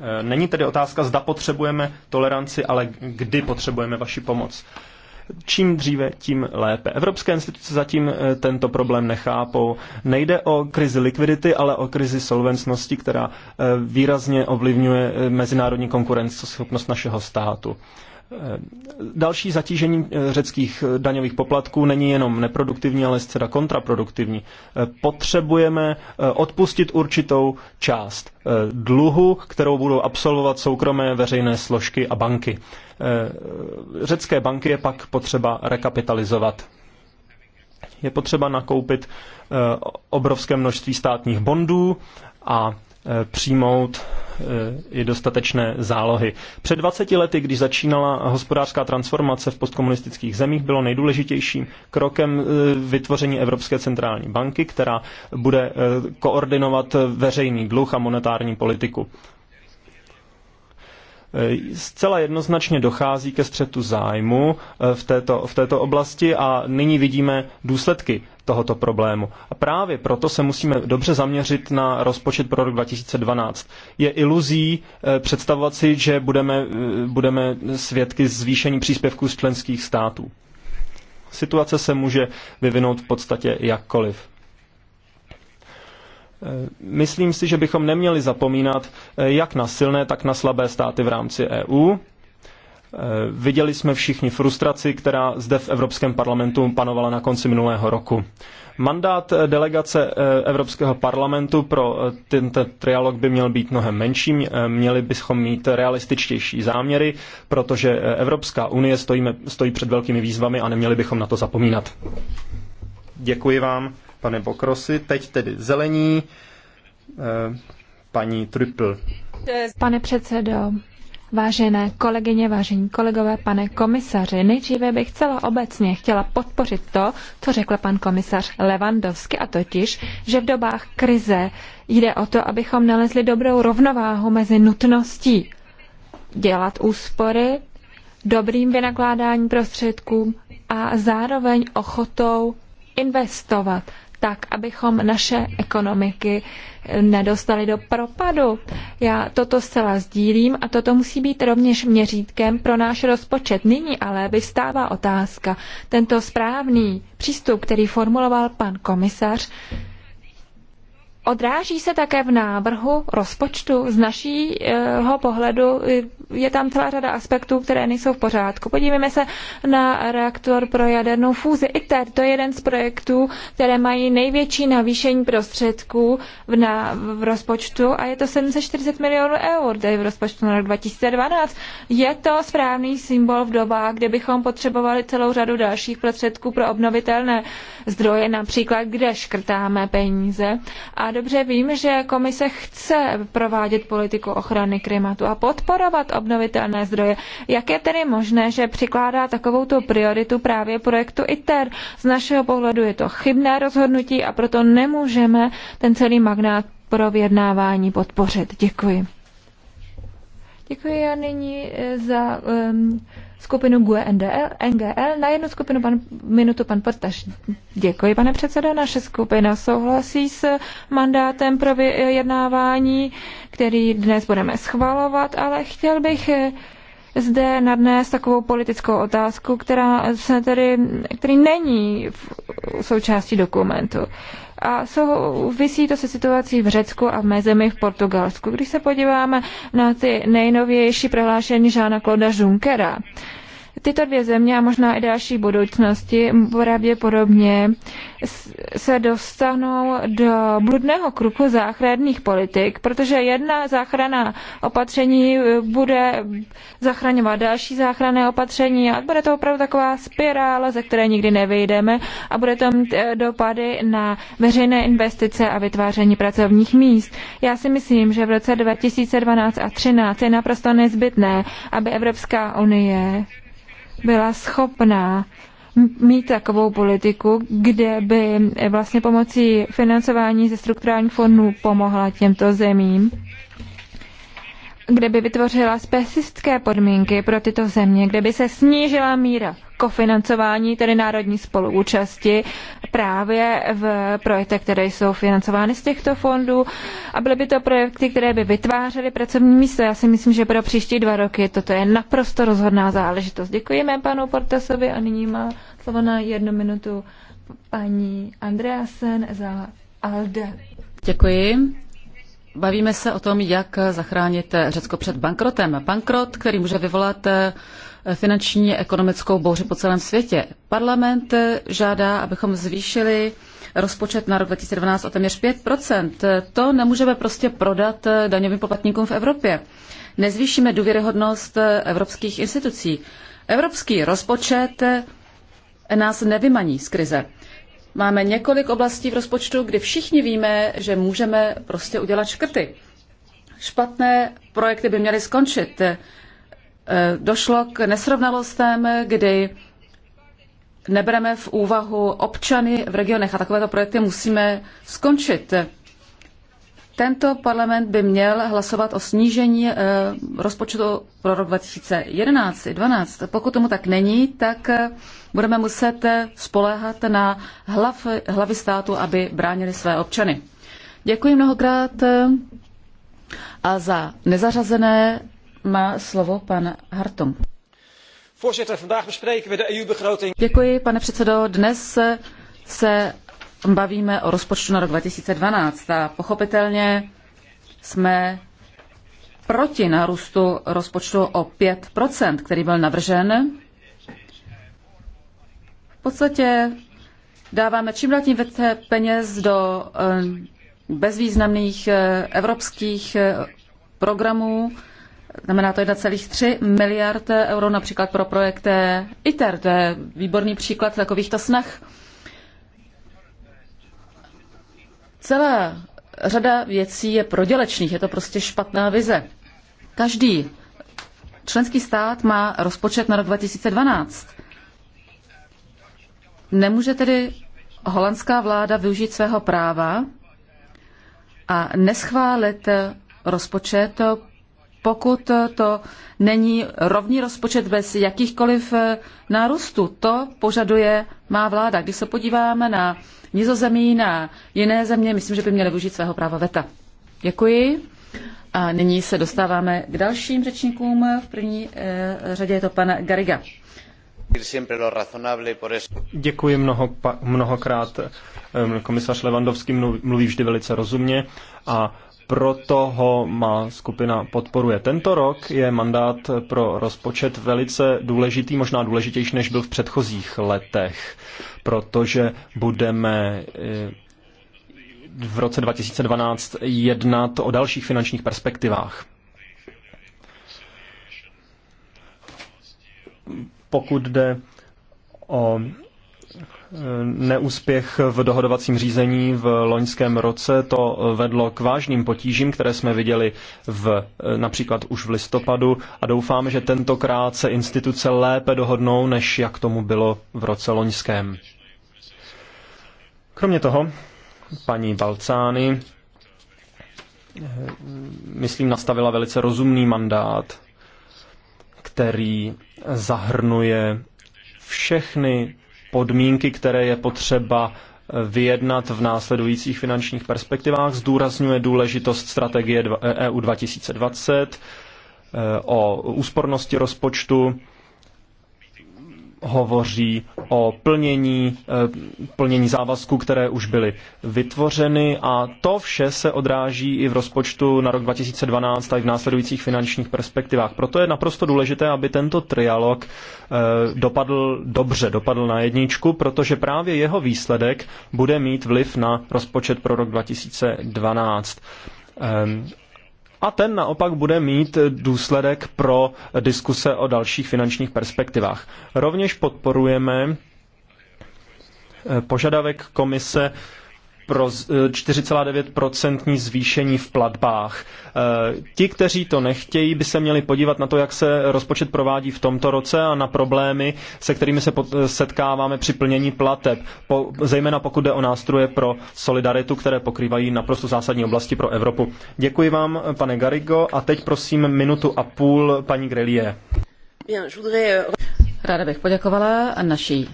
E, není tedy otázka, zda potřebujeme toleranci, ale kdy potřebujeme vaši pomoc. Čím dříve, tím lépe. Evropské instituce zatím e, tento problém nechápou. Nejde o krizi likvidity, ale o krizi solvencnosti, která e, výrazně ovlivňuje mezinárodní konkurenceschopnost našeho státu. Eh, další zatížení eh, řeckých eh, daňových poplatků není jenom neproduktivní, ale zcela kontraproduktivní. Potřebujeme odpustit určitou část dluhu, kterou budou absolvovat soukromé veřejné složky a banky. Řecké banky je pak potřeba rekapitalizovat. Je potřeba nakoupit obrovské množství státních bondů a Eh, přijmout eh, i dostatečné zálohy. Před 20 lety, když začínala hospodářská transformace v postkomunistických zemích, bylo nejdůležitějším krokem eh, vytvoření Evropské centrální banky, která bude koordinovat veřejný dluh a monetární politiku. Zcela jednoznačně dochází ke střetu zájmu v této, v této oblasti a nyní vidíme důsledky tohoto problému. A právě proto se musíme dobře zaměřit na rozpočet pro rok 2012. Je iluzí eh, představovat si, že budeme, eh, budeme svědky zvýšení příspěvků z členských států. Situace se může vyvinout v podstatě jakkoliv. Eh, myslím si, že bychom neměli zapomínat jak na silné, tak na slabé státy v rámci EU Eh, viděli jsme všichni frustraci, která zde v Evropském parlamentu panovala na konci minulého roku. Mandát eh, delegace eh, Evropského parlamentu pro tento trialog by měl být mnohem menší, měli bychom mít realističtější záměry, protože Evropská unie stojíme, stojí před velkými výzvami a neměli bychom na to zapomínat. Děkuji vám, pane Bokrosi. Teď tedy zelení, paní Triple. Pane předsedo, Vážené kolegyně, vážení kolegové, pane komisaři, nejdříve bych celá obecně chtěla podpořit to, co řekl pan komisař Levandovský, a totiž, že v dobách krize jde o to, abychom nalezli dobrou rovnováhu mezi nutností dělat úspory, dobrým vynakládáním prostředků a zároveň ochotou investovat tak, abychom naše ekonomiky nedostali do propadu. Já toto zcela sdílím a toto musí být rovněž měřítkem pro náš rozpočet. Nyní ale vyvstává otázka. Tento správný přístup, který formuloval pan komisař, Odráží se také v návrhu rozpočtu. Z našího pohledu je tam celá řada aspektů, které nejsou v pořádku. Podívejme se na reaktor pro jadernou fúzi. ITER to je jeden z projektů, které mají největší navýšení prostředků v, na, v rozpočtu a je to 740 milionů eur, tedy v rozpočtu na rok 2012. Je to správný symbol v dobách, kdy bychom potřebovali celou řadu dalších prostředků pro obnovitelné zdroje, například kde škrtáme peníze. A dobře vím, že komise chce provádět politiku ochrany klimatu a podporovat obnovitelné zdroje. Jak je tedy možné, že přikládá takovou prioritu právě projektu ITER? Z našeho pohledu je to chybné rozhodnutí a proto nemůžeme ten celý magnát pro vyjednávání podpořit. Děkuji. Děkuji a nyní eh, za um, skupinu GUE NGL, na jednu skupinu pan, minutu pan Portaš. Děkuji, pane předsedo. Naše skupina souhlasí s mandátem pro vyjednávání, který dnes budeme schvalovat, ale chtěl bych eh, zde nadnést takovou politickou otázku, která se tedy, který není v součástí dokumentu. A souvisí to se situací v Řecku a v mé zemi v Portugalsku. Když se podíváme na ty nejnovější prohlášení Žána Kloda Junckera, Tyto dvě země a možná i další budoucnosti pravděpodobně se dostanou do bludného kruku záchranných politik, protože jedna záchrana opatření eh, bude zachraňovat další záchranné opatření a bude to opravdu taková spirála, ze které nikdy nevyjdeme a bude to mít eh, dopady na veřejné investice a vytváření pracovních míst. Já si myslím, že v roce 2012 a 2013 je naprosto nezbytné, aby Evropská unie byla schopná mít takovou politiku, kde by vlastně pomocí financování ze strukturálních fondů pomohla těmto zemím kde by vytvořila specifické podmínky pro tyto země, kde by se snížila míra kofinancování, tedy národní spoluúčasti, právě v projektech, které jsou financovány z těchto fondů a byly by to projekty, které by vytvářely pracovní místo. Já si myslím, že pro příští dva roky toto je naprosto rozhodná záležitost. Děkujeme panu Portasovi a nyní má slovo na jednu minutu paní Andreasen za ALDE. Děkuji. Bavíme se o tom, jak zachránit Řecko před bankrotem. Bankrot, který může vyvolat eh, finanční ekonomickou bouři po celém světě. Parlament eh, žádá, abychom zvýšili rozpočet na rok 2012 o téměř 5 To nemůžeme prostě prodat eh, daňovým poplatníkům v Evropě. Nezvýšíme důvěryhodnost evropských institucí. Evropský rozpočet nás nevymaní z krize. Máme několik oblastí v rozpočtu, kdy všichni víme, že můžeme prostě udělat škrty. Špatné projekty by měly skončit. Eh, došlo k nesrovnalostem, kdy nebereme v úvahu občany v regionech a takovéto projekty musíme skončit. Tento parlament by měl hlasovat o snížení eh, rozpočtu pro rok 2011-2012. Pokud tomu tak není, tak eh, budeme muset spoléhat na hlav, hlavy státu, aby bránili své občany. Děkuji mnohokrát eh, a za nezařazené má slovo pan Hartong. Děkuji, pane předsedo. Dnes se bavíme o rozpočtu na rok 2012 a pochopitelně jsme proti nárůstu rozpočtu o 5%, který byl navržen podstatě dáváme čím dál tím více peněz do eh, bezvýznamných eh, evropských eh, programů, znamená to 1,3 miliard euro například pro projekt ITER. To je výborný příklad takovýchto snah. Celá řada věcí je prodělečných, je to prostě špatná vize. Každý členský stát má rozpočet na rok 2012. Nemůže tedy holandská vláda využít svého práva a neschválit rozpočet, pokud to není rovný rozpočet bez jakýchkoliv nárůstů. To požaduje má vláda. Když se podíváme na nizozemí, na jiné země, myslím, že by měly využít svého práva VETA. Děkuji. A nyní se dostáváme k dalším řečníkům. V první eh, řadě je to pan Gariga. Děkuji mnoho, mnohokrát. Komisař Levandovský mluví vždy velice rozumně a proto ho má skupina podporuje. Tento rok je mandát pro rozpočet velice důležitý, možná důležitější, než byl v předchozích letech, protože budeme eh, v roce 2012 jednat o dalších finančních perspektivách pokud jde o e, neúspěch v dohodovacím řízení v loňském roce, to vedlo k vážným potížím, které jsme viděli v, e, například už v listopadu a doufám, že tentokrát se instituce lépe dohodnou, než jak tomu bylo v roce loňském. Kromě toho, paní Balcány, e, myslím, nastavila velice rozumný mandát který zahrnuje všechny podmínky, které je potřeba vyjednat v následujících finančních perspektivách. Zdůrazňuje důležitost strategie EU 2020 e, o úspornosti rozpočtu hovoří o plnění, eh, plnění závazků, které už byly vytvořeny a to vše se odráží i v rozpočtu na rok 2012 a i v následujících finančních perspektivách. Proto je naprosto důležité, aby tento trialog eh, dopadl dobře, dopadl na jedničku, protože právě jeho výsledek bude mít vliv na rozpočet pro rok 2012 a ten naopak bude mít důsledek pro diskuse o dalších finančních perspektivách. Rovněž podporujeme eh, požadavek komise pro 4,9% eh, zvýšení v platbách. Eh, ti, kteří to nechtějí, by se měli podívat na to, jak se rozpočet provádí v tomto roce a na problémy, se kterými se setkáváme při plnění plateb, po, zejména pokud jde o nástroje pro solidaritu, které pokrývají naprosto zásadní oblasti pro Evropu. Děkuji vám, pane Garigo, a teď prosím minutu a půl paní Grelie. Ráda bych poděkovala naší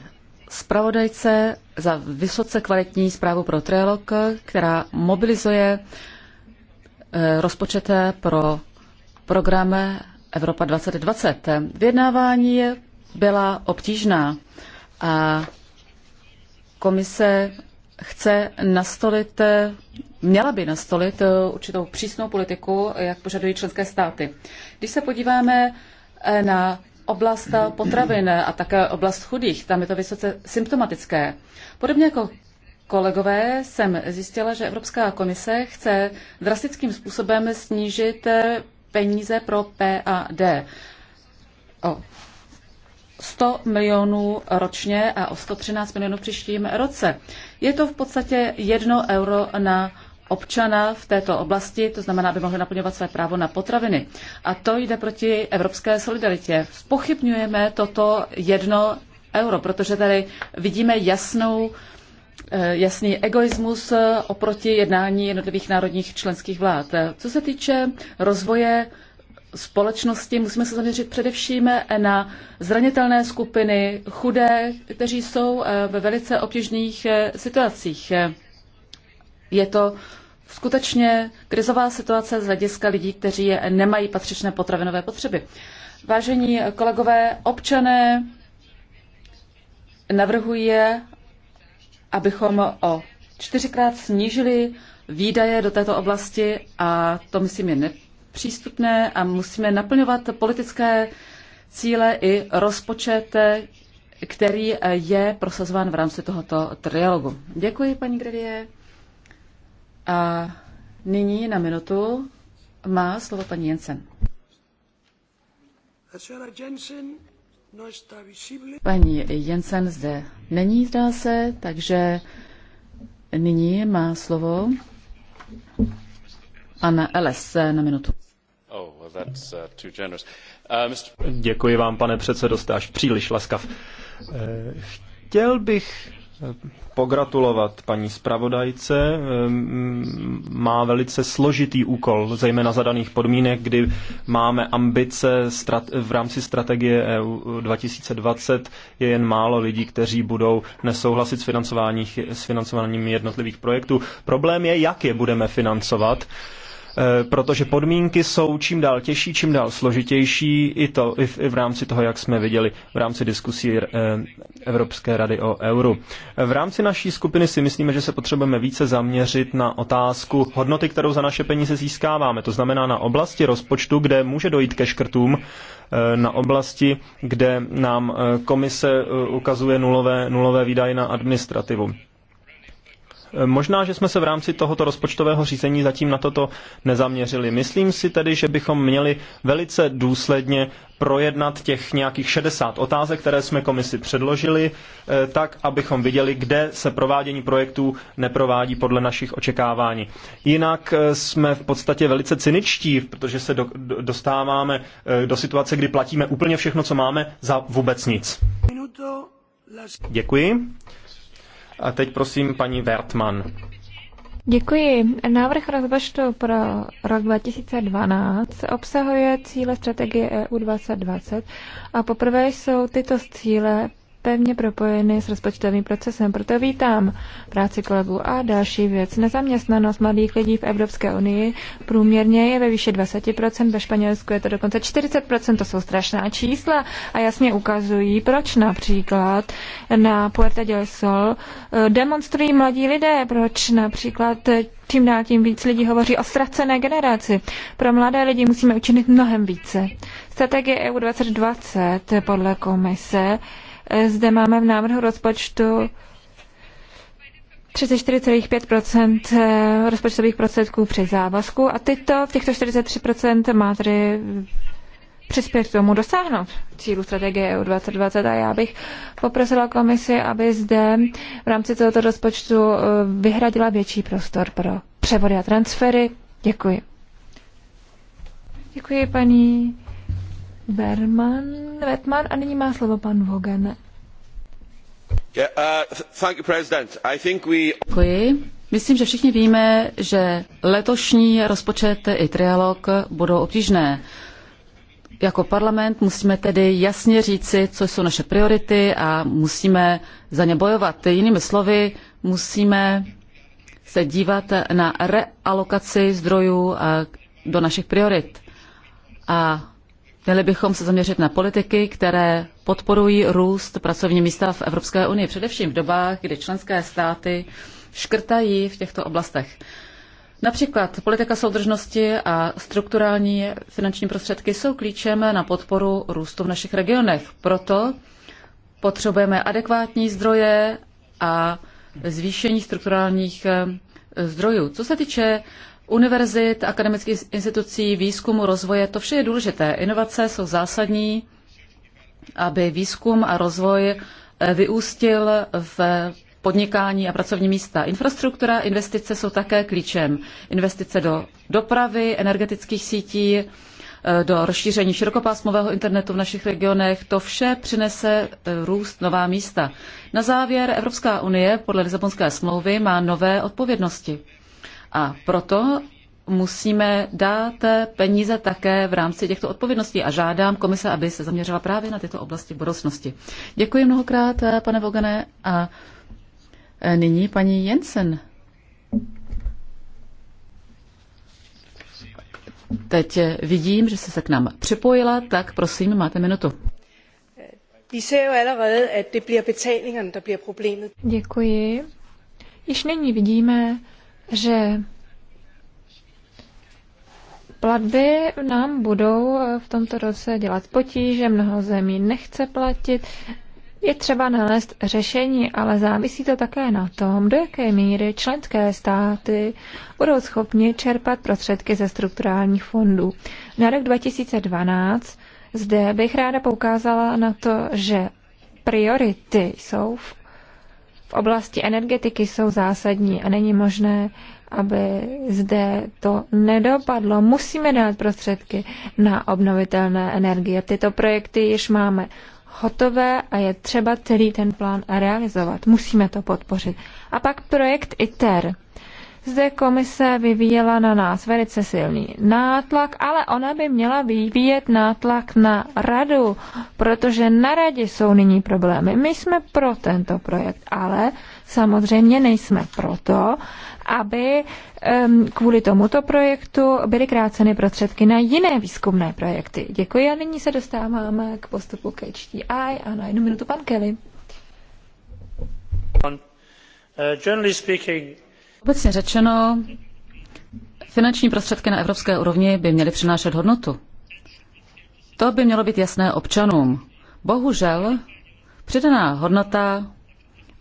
zpravodajce za vysoce kvalitní zprávu pro trialog, která mobilizuje eh, rozpočet pro program Evropa 2020. Vyjednávání byla obtížná a komise chce nastolit, měla by nastolit určitou přísnou politiku, jak požadují členské státy. Když se podíváme eh, na oblast potravin a také oblast chudých. Tam je to vysoce symptomatické. Podobně jako kolegové jsem zjistila, že Evropská komise chce drastickým způsobem snížit peníze pro PAD o 100 milionů ročně a o 113 milionů v příštím roce. Je to v podstatě jedno euro na občana v této oblasti, to znamená, aby mohli naplňovat své právo na potraviny. A to jde proti evropské solidaritě. Spochybňujeme toto jedno euro, protože tady vidíme jasnou, eh, jasný egoismus eh, oproti jednání jednotlivých národních členských vlád. Co se týče rozvoje společnosti musíme se zaměřit především na zranitelné skupiny, chudé, kteří jsou eh, ve velice obtížných situacích. Je to skutečně krizová situace z hlediska lidí, kteří nemají patřičné potravinové potřeby. Vážení kolegové, občané navrhují, abychom o čtyřikrát snížili výdaje do této oblasti a to myslím je nepřístupné a musíme naplňovat politické cíle i rozpočet, který je prosazován v rámci tohoto trialogu. Děkuji, paní Grevie. A nyní na minutu má slovo paní Jensen. No paní Jensen zde není, zdá se, takže nyní má slovo pan LS na minutu. Oh, uh, uh, Děkuji vám, pane předsedo, jste až příliš laskav. Eh, chtěl bych pogratulovat paní zpravodajce. Má velice složitý úkol, zejména za daných podmínek, kdy máme ambice v rámci strategie EU 2020. Je jen málo lidí, kteří budou nesouhlasit s, s financováním jednotlivých projektů. Problém je, jak je budeme financovat. Eh, protože podmínky jsou čím dál těžší, čím dál složitější, i, to, i, v, i v rámci toho, jak jsme viděli v rámci diskusí eh, Evropské rady o euru. Eh, v rámci naší skupiny si myslíme, že se potřebujeme více zaměřit na otázku hodnoty, kterou za naše peníze získáváme. To znamená na oblasti rozpočtu, kde může dojít ke škrtům, na oblasti, kde nám komise ukazuje nulové, nulové výdaje na administrativu. Eh, možná, že jsme se v rámci tohoto rozpočtového řízení zatím na toto nezaměřili. Myslím si tedy, že bychom měli velice důsledně projednat těch nějakých 60 otázek, které jsme komisi předložili, eh, tak, abychom viděli, kde se provádění projektů neprovádí podle našich očekávání. Jinak eh, jsme v podstatě velice cyničtí, protože se do, dostáváme do situace, kdy platíme úplně všechno, co máme, za vůbec nic. Děkuji. A teď prosím paní Wertmann. Děkuji. Návrh rozpočtu pro rok 2012 obsahuje cíle strategie EU 2020 a poprvé jsou tyto cíle pevně propojeny s rozpočtovým procesem. Proto vítám práci kolegů a další věc. Nezaměstnanost mladých lidí v Evropské unii průměrně je ve výši 20%, ve Španělsku je to dokonce 40%, to jsou strašná čísla a jasně ukazují, proč například na Puerta del Sol eh, demonstrují mladí lidé, proč například čím dál tím víc lidí hovoří o ztracené generaci. Pro mladé lidi musíme učinit mnohem více. Strategie EU 2020 podle komise Eh, zde máme v návrhu rozpočtu 34,5 eh, rozpočtových prostředků při závazku a tyto, těchto 43 má tedy přispět k tomu dosáhnout cílu strategie EU 2020 a já bych poprosila komisi, aby zde v rámci tohoto rozpočtu eh, vyhradila větší prostor pro převody a transfery. Děkuji. Děkuji paní Berman, Vetman a nyní má slovo pan Vogan. Uh, Děkuji. Myslím, že všichni víme, že letošní rozpočet i trialog budou obtížné. Jako parlament musíme tedy jasně říci, co jsou naše priority a musíme za ně bojovat. Jinými slovy, musíme se dívat na realokaci zdrojů eh, do našich priorit. A Měli bychom se zaměřit na politiky, které podporují růst pracovní místa v Evropské unii, především v dobách, kdy členské státy škrtají v těchto oblastech. Například politika soudržnosti a strukturální finanční prostředky jsou klíčem na podporu růstu v našich regionech. Proto potřebujeme adekvátní zdroje a zvýšení strukturálních eh, zdrojů. Co se týče univerzit, akademických institucí, výzkumu, rozvoje, to vše je důležité. Inovace jsou zásadní, aby výzkum a rozvoj eh, vyústil v podnikání a pracovní místa. Infrastruktura, investice jsou také klíčem. Investice do dopravy, energetických sítí, eh, do rozšíření širokopásmového internetu v našich regionech. To vše přinese eh, růst nová místa. Na závěr Evropská unie podle Lisabonské smlouvy má nové odpovědnosti. A proto musíme dát peníze také v rámci těchto odpovědností a žádám komise, aby se zaměřila právě na tyto oblasti budoucnosti. Děkuji mnohokrát, eh, pane Vogane, a eh, nyní paní Jensen. Teď eh, vidím, že jste se k nám připojila, tak prosím, máte minutu. Děkuji. Již nyní vidíme, že platby nám budou v tomto roce dělat potíže, mnoho zemí nechce platit. Je třeba nalézt řešení, ale závisí to také na tom, do jaké míry členské státy budou schopni čerpat prostředky ze strukturálních fondů. Na rok 2012 zde bych ráda poukázala na to, že priority jsou v v oblasti energetiky jsou zásadní a není možné, aby zde to nedopadlo. Musíme dát prostředky na obnovitelné energie. Tyto projekty již máme hotové a je třeba celý ten plán realizovat. Musíme to podpořit. A pak projekt ITER. Zde komise vyvíjela na nás velice silný nátlak, ale ona by měla vyvíjet nátlak na radu, protože na radě jsou nyní problémy. My jsme pro tento projekt, ale samozřejmě nejsme proto, aby um, kvůli tomuto projektu byly kráceny prostředky na jiné výzkumné projekty. Děkuji a nyní se dostáváme k postupu k HDI a na jednu minutu pan Kelly. Uh, generally speaking, Obecně řečeno, finanční prostředky na evropské úrovni by měly přinášet hodnotu. To by mělo být jasné občanům. Bohužel, přidaná hodnota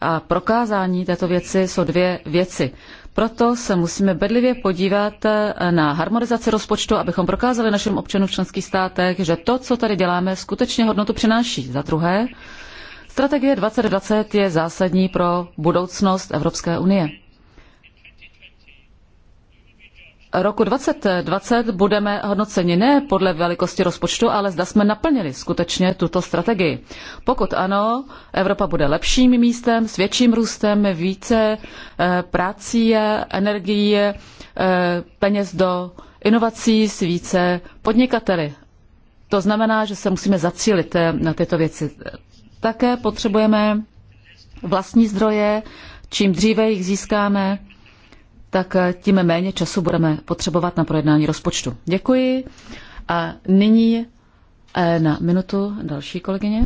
a prokázání této věci jsou dvě věci. Proto se musíme bedlivě podívat na harmonizaci rozpočtu, abychom prokázali našim občanům v členských státech, že to, co tady děláme, skutečně hodnotu přináší. Za druhé, strategie 2020 je zásadní pro budoucnost Evropské unie. roku 2020 budeme hodnoceni ne podle velikosti rozpočtu, ale zda jsme naplnili skutečně tuto strategii. Pokud ano, Evropa bude lepším místem, s větším růstem, více eh, prací, energií, eh, peněz do inovací, s více podnikateli. To znamená, že se musíme zacílit eh, na tyto věci. Také potřebujeme vlastní zdroje, čím dříve jich získáme, tak eh, tím méně času budeme potřebovat na projednání rozpočtu. Děkuji. A nyní eh, na minutu další kolegyně.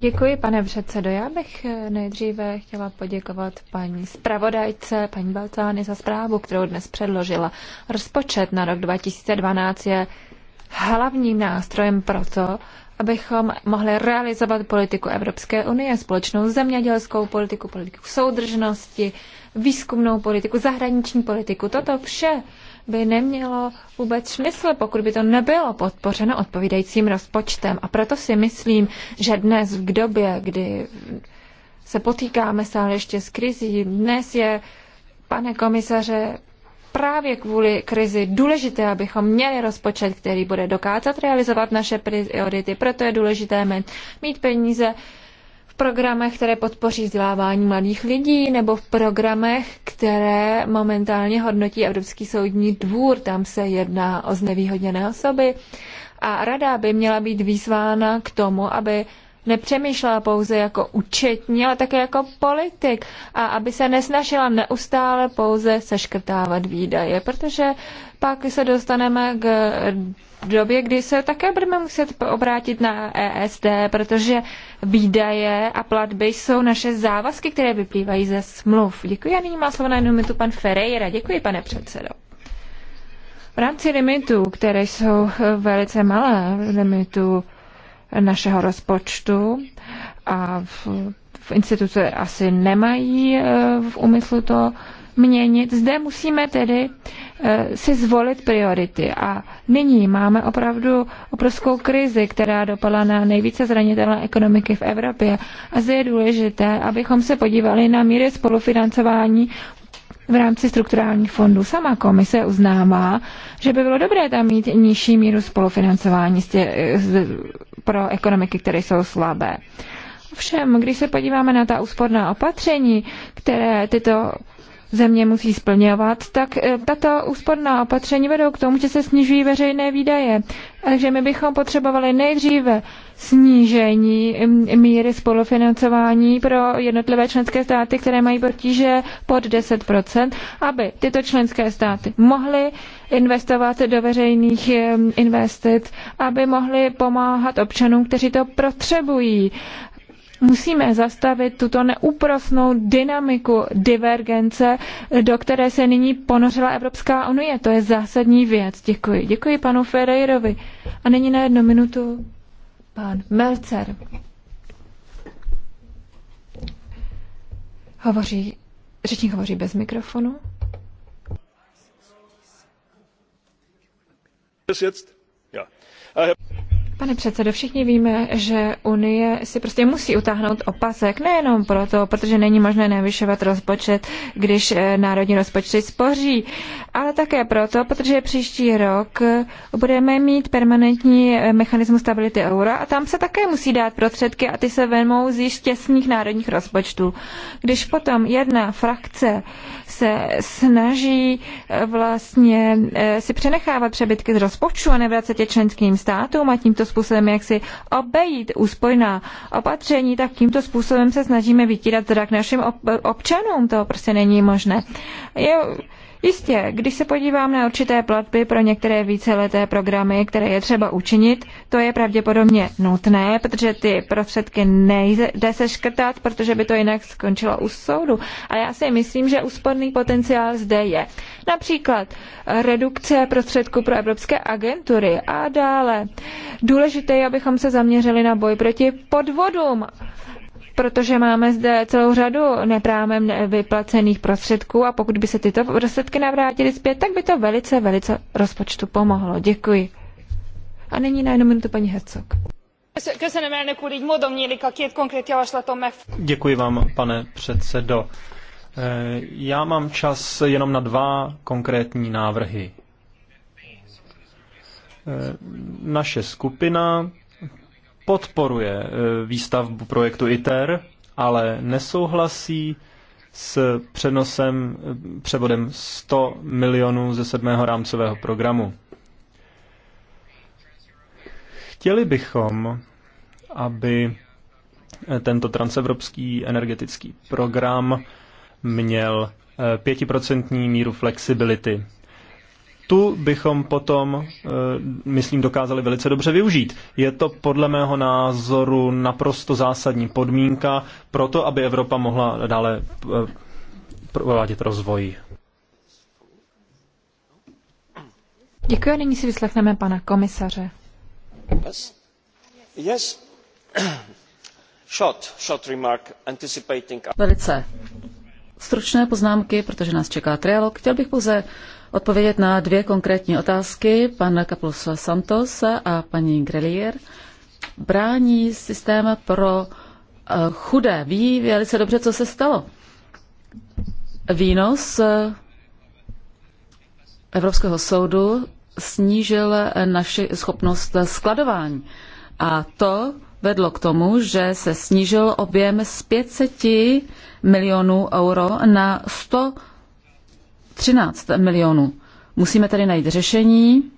Děkuji, pane předsedo. Já bych eh, nejdříve chtěla poděkovat paní zpravodajce, paní Balcány, za zprávu, kterou dnes předložila. Rozpočet na rok 2012 je hlavním nástrojem pro to, abychom mohli realizovat politiku Evropské unie, společnou zemědělskou politiku, politiku soudržnosti, výzkumnou politiku, zahraniční politiku. Toto vše by nemělo vůbec smysl, pokud by to nebylo podpořeno odpovídajícím rozpočtem. A proto si myslím, že dnes v době, kdy se potýkáme stále ještě s krizí, dnes je, pane komisaře, právě kvůli krizi důležité, abychom měli rozpočet, který bude dokázat realizovat naše priority. Proto je důležité mít, peníze v programech, které podpoří vzdělávání mladých lidí, nebo v programech, které momentálně hodnotí Evropský soudní dvůr. Tam se jedná o znevýhodněné osoby. A rada by měla být výzvána k tomu, aby nepřemýšlela pouze jako účetní, ale také jako politik a aby se nesnažila neustále pouze seškrtávat výdaje, protože pak se dostaneme k době, kdy se také budeme muset obrátit na ESD, protože výdaje a platby jsou naše závazky, které vyplývají ze smluv. Děkuji a nyní má slovo na jednu minutu pan Ferreira. Děkuji, pane předsedo. V rámci limitů, které jsou velice malé limitů, našeho rozpočtu a v, v instituce asi nemají eh, v úmyslu to měnit. Zde musíme tedy eh, si zvolit priority. A nyní máme opravdu obrovskou krizi, která dopadla na nejvíce zranitelné ekonomiky v Evropě. A zde je důležité, abychom se podívali na míry spolufinancování v rámci strukturálních fondů. Sama komise uznává, že by bylo dobré tam mít nižší míru spolufinancování pro ekonomiky, které jsou slabé. Ovšem, když se podíváme na ta úsporná opatření, které tyto země musí splňovat, tak e, tato úsporná opatření vedou k tomu, že se snižují veřejné výdaje. Takže my bychom potřebovali nejdříve snížení míry spolufinancování pro jednotlivé členské státy, které mají potíže pod 10%, aby tyto členské státy mohly investovat do veřejných e, investic, aby mohly pomáhat občanům, kteří to potřebují, musíme zastavit tuto neúprosnou dynamiku divergence, do které se nyní ponořila Evropská unie. To je zásadní věc. Děkuji. Děkuji panu Ferreirovi. A nyní na jednu minutu pan Melcer. Hovoří, řečník hovoří bez mikrofonu. Bis jetzt? Ja. Äh, Pane předsedo, všichni víme, že Unie si prostě musí utáhnout opasek, nejenom proto, protože není možné navyšovat rozpočet, když eh, národní rozpočty spoří, ale také proto, protože příští rok budeme mít permanentní eh, mechanismus stability eura a tam se také musí dát prostředky a ty se vemou z již těsných národních rozpočtů. Když potom jedna frakce se snaží eh, vlastně si přenechávat přebytky z rozpočtu a nevracet je členským státům a tímto tímto způsobem jaksi obejít úspojná opatření, tak tímto způsobem se snažíme vytírat zrak našim občanům. To prostě není možné. Je Jistě, když se podívám na určité platby pro některé víceleté programy, které je třeba učinit, to je pravděpodobně nutné, protože ty prostředky nejde se škrtat, protože by to jinak skončilo u soudu. A já si myslím, že úsporný potenciál zde je. Například redukce prostředků pro evropské agentury a dále. Důležité je, abychom se zaměřili na boj proti podvodům protože máme zde celou řadu neprávem vyplacených prostředků a pokud by se tyto prostředky navrátily zpět, tak by to velice, velice rozpočtu pomohlo. Děkuji. A nyní na jednu minutu paní Hercog. Děkuji vám, pane předsedo. Eh, já mám čas jenom na dva konkrétní návrhy. Eh, naše skupina podporuje eh, výstavbu projektu ITER, ale nesouhlasí s přenosem, eh, převodem 100 milionů ze sedmého rámcového programu. Chtěli bychom, aby eh, tento transevropský energetický program měl pětiprocentní míru flexibility tu bychom potom, eh, myslím, dokázali velice dobře využít. Je to podle mého názoru naprosto zásadní podmínka pro to, aby Evropa mohla dále eh, provádět rozvoj. Děkuji a nyní si vyslechneme pana komisaře. Yes. yes. short, short remark, anticipating... Velice stručné poznámky, protože nás čeká trialog. Chtěl bych pouze odpovědět na dvě konkrétní otázky. Pan Capulus Santos a paní Grelier brání systém pro eh, chudé. Ví velice dobře, co se stalo. Výnos eh, Evropského soudu snížil eh, naši schopnost skladování. A to vedlo k tomu, že se snížil objem z 500 milionů euro na 100 13 milionů. Musíme tedy najít řešení,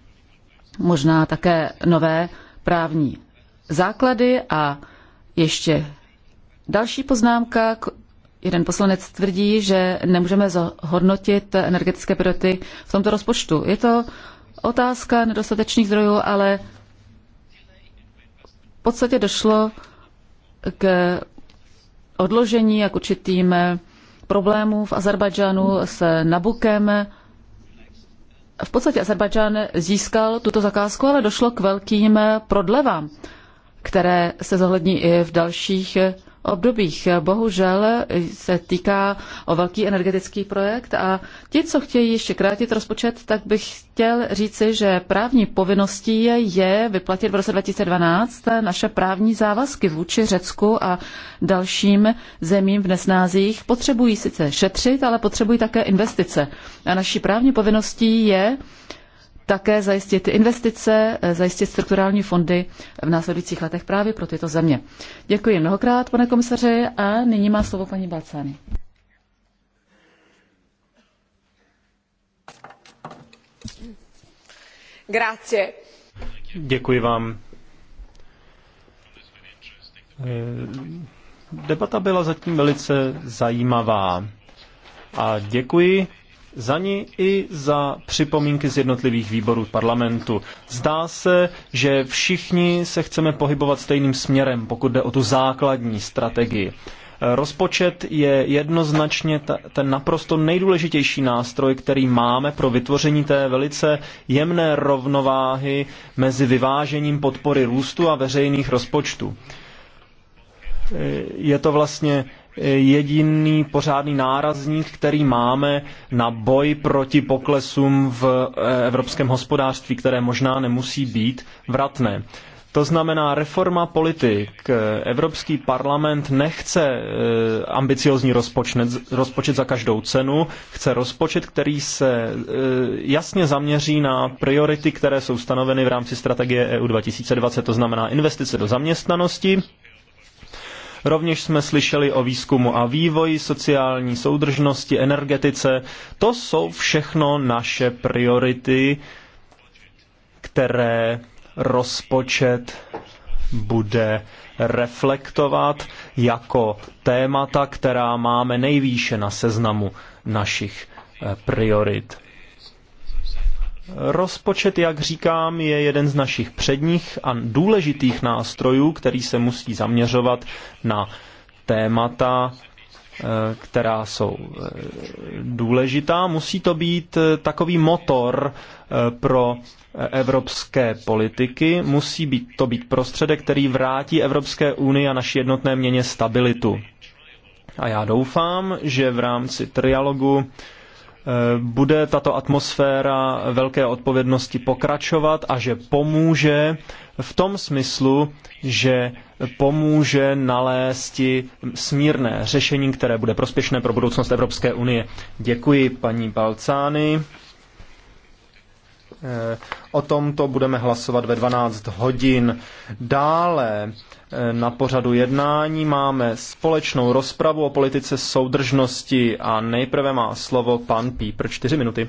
možná také nové právní základy a ještě další poznámka. Jeden poslanec tvrdí, že nemůžeme zhodnotit energetické priority v tomto rozpočtu. Je to otázka nedostatečných zdrojů, ale v podstatě došlo k odložení a k určitým problémů v Azerbajdžánu s Nabukem. V podstatě Azerbajdžán získal tuto zakázku, ale došlo k velkým prodlevám, které se zohlední i v dalších obdobích. Bohužel se týká o velký energetický projekt a ti, co chtějí ještě krátit rozpočet, tak bych chtěl říci, že právní povinností je vyplatit v roce 2012 naše právní závazky vůči Řecku a dalším zemím v nesnázích. Potřebují sice šetřit, ale potřebují také investice. A naší právní povinností je také zajistit investice, eh, zajistit strukturální fondy v následujících letech právě pro tyto země. Děkuji mnohokrát, pane komisaři, a nyní má slovo paní Balcány. Grazie. Děkuji vám. Eh, debata byla zatím velice zajímavá. A děkuji za ní i za připomínky z jednotlivých výborů parlamentu. Zdá se, že všichni se chceme pohybovat stejným směrem, pokud jde o tu základní strategii. Rozpočet je jednoznačně ten naprosto nejdůležitější nástroj, který máme pro vytvoření té velice jemné rovnováhy mezi vyvážením podpory růstu a veřejných rozpočtů. Je to vlastně jediný pořádný nárazník, který máme na boj proti poklesům v eh, evropském hospodářství, které možná nemusí být vratné. To znamená reforma politik. Evropský parlament nechce eh, ambiciozní rozpočet, rozpočet za každou cenu, chce rozpočet, který se eh, jasně zaměří na priority, které jsou stanoveny v rámci strategie EU 2020, to znamená investice do zaměstnanosti, Rovněž jsme slyšeli o výzkumu a vývoji, sociální soudržnosti, energetice. To jsou všechno naše priority, které rozpočet bude reflektovat jako témata, která máme nejvýše na seznamu našich eh, priorit. Rozpočet, jak říkám, je jeden z našich předních a důležitých nástrojů, který se musí zaměřovat na témata, eh, která jsou eh, důležitá. Musí to být eh, takový motor pro evropské politiky, musí být to být prostředek, který vrátí Evropské unii a naší jednotné měně stabilitu. A já doufám, že v rámci trialogu Eh, bude tato atmosféra velké odpovědnosti pokračovat a že pomůže v tom smyslu, že pomůže nalézt smírné řešení, které bude prospěšné pro budoucnost Evropské unie. Děkuji paní Balcány. Eh, o tomto budeme hlasovat ve 12 hodin. Dále Eh, na pořadu jednání máme společnou rozpravu o politice soudržnosti a nejprve má slovo pan Pípr, čtyři minuty.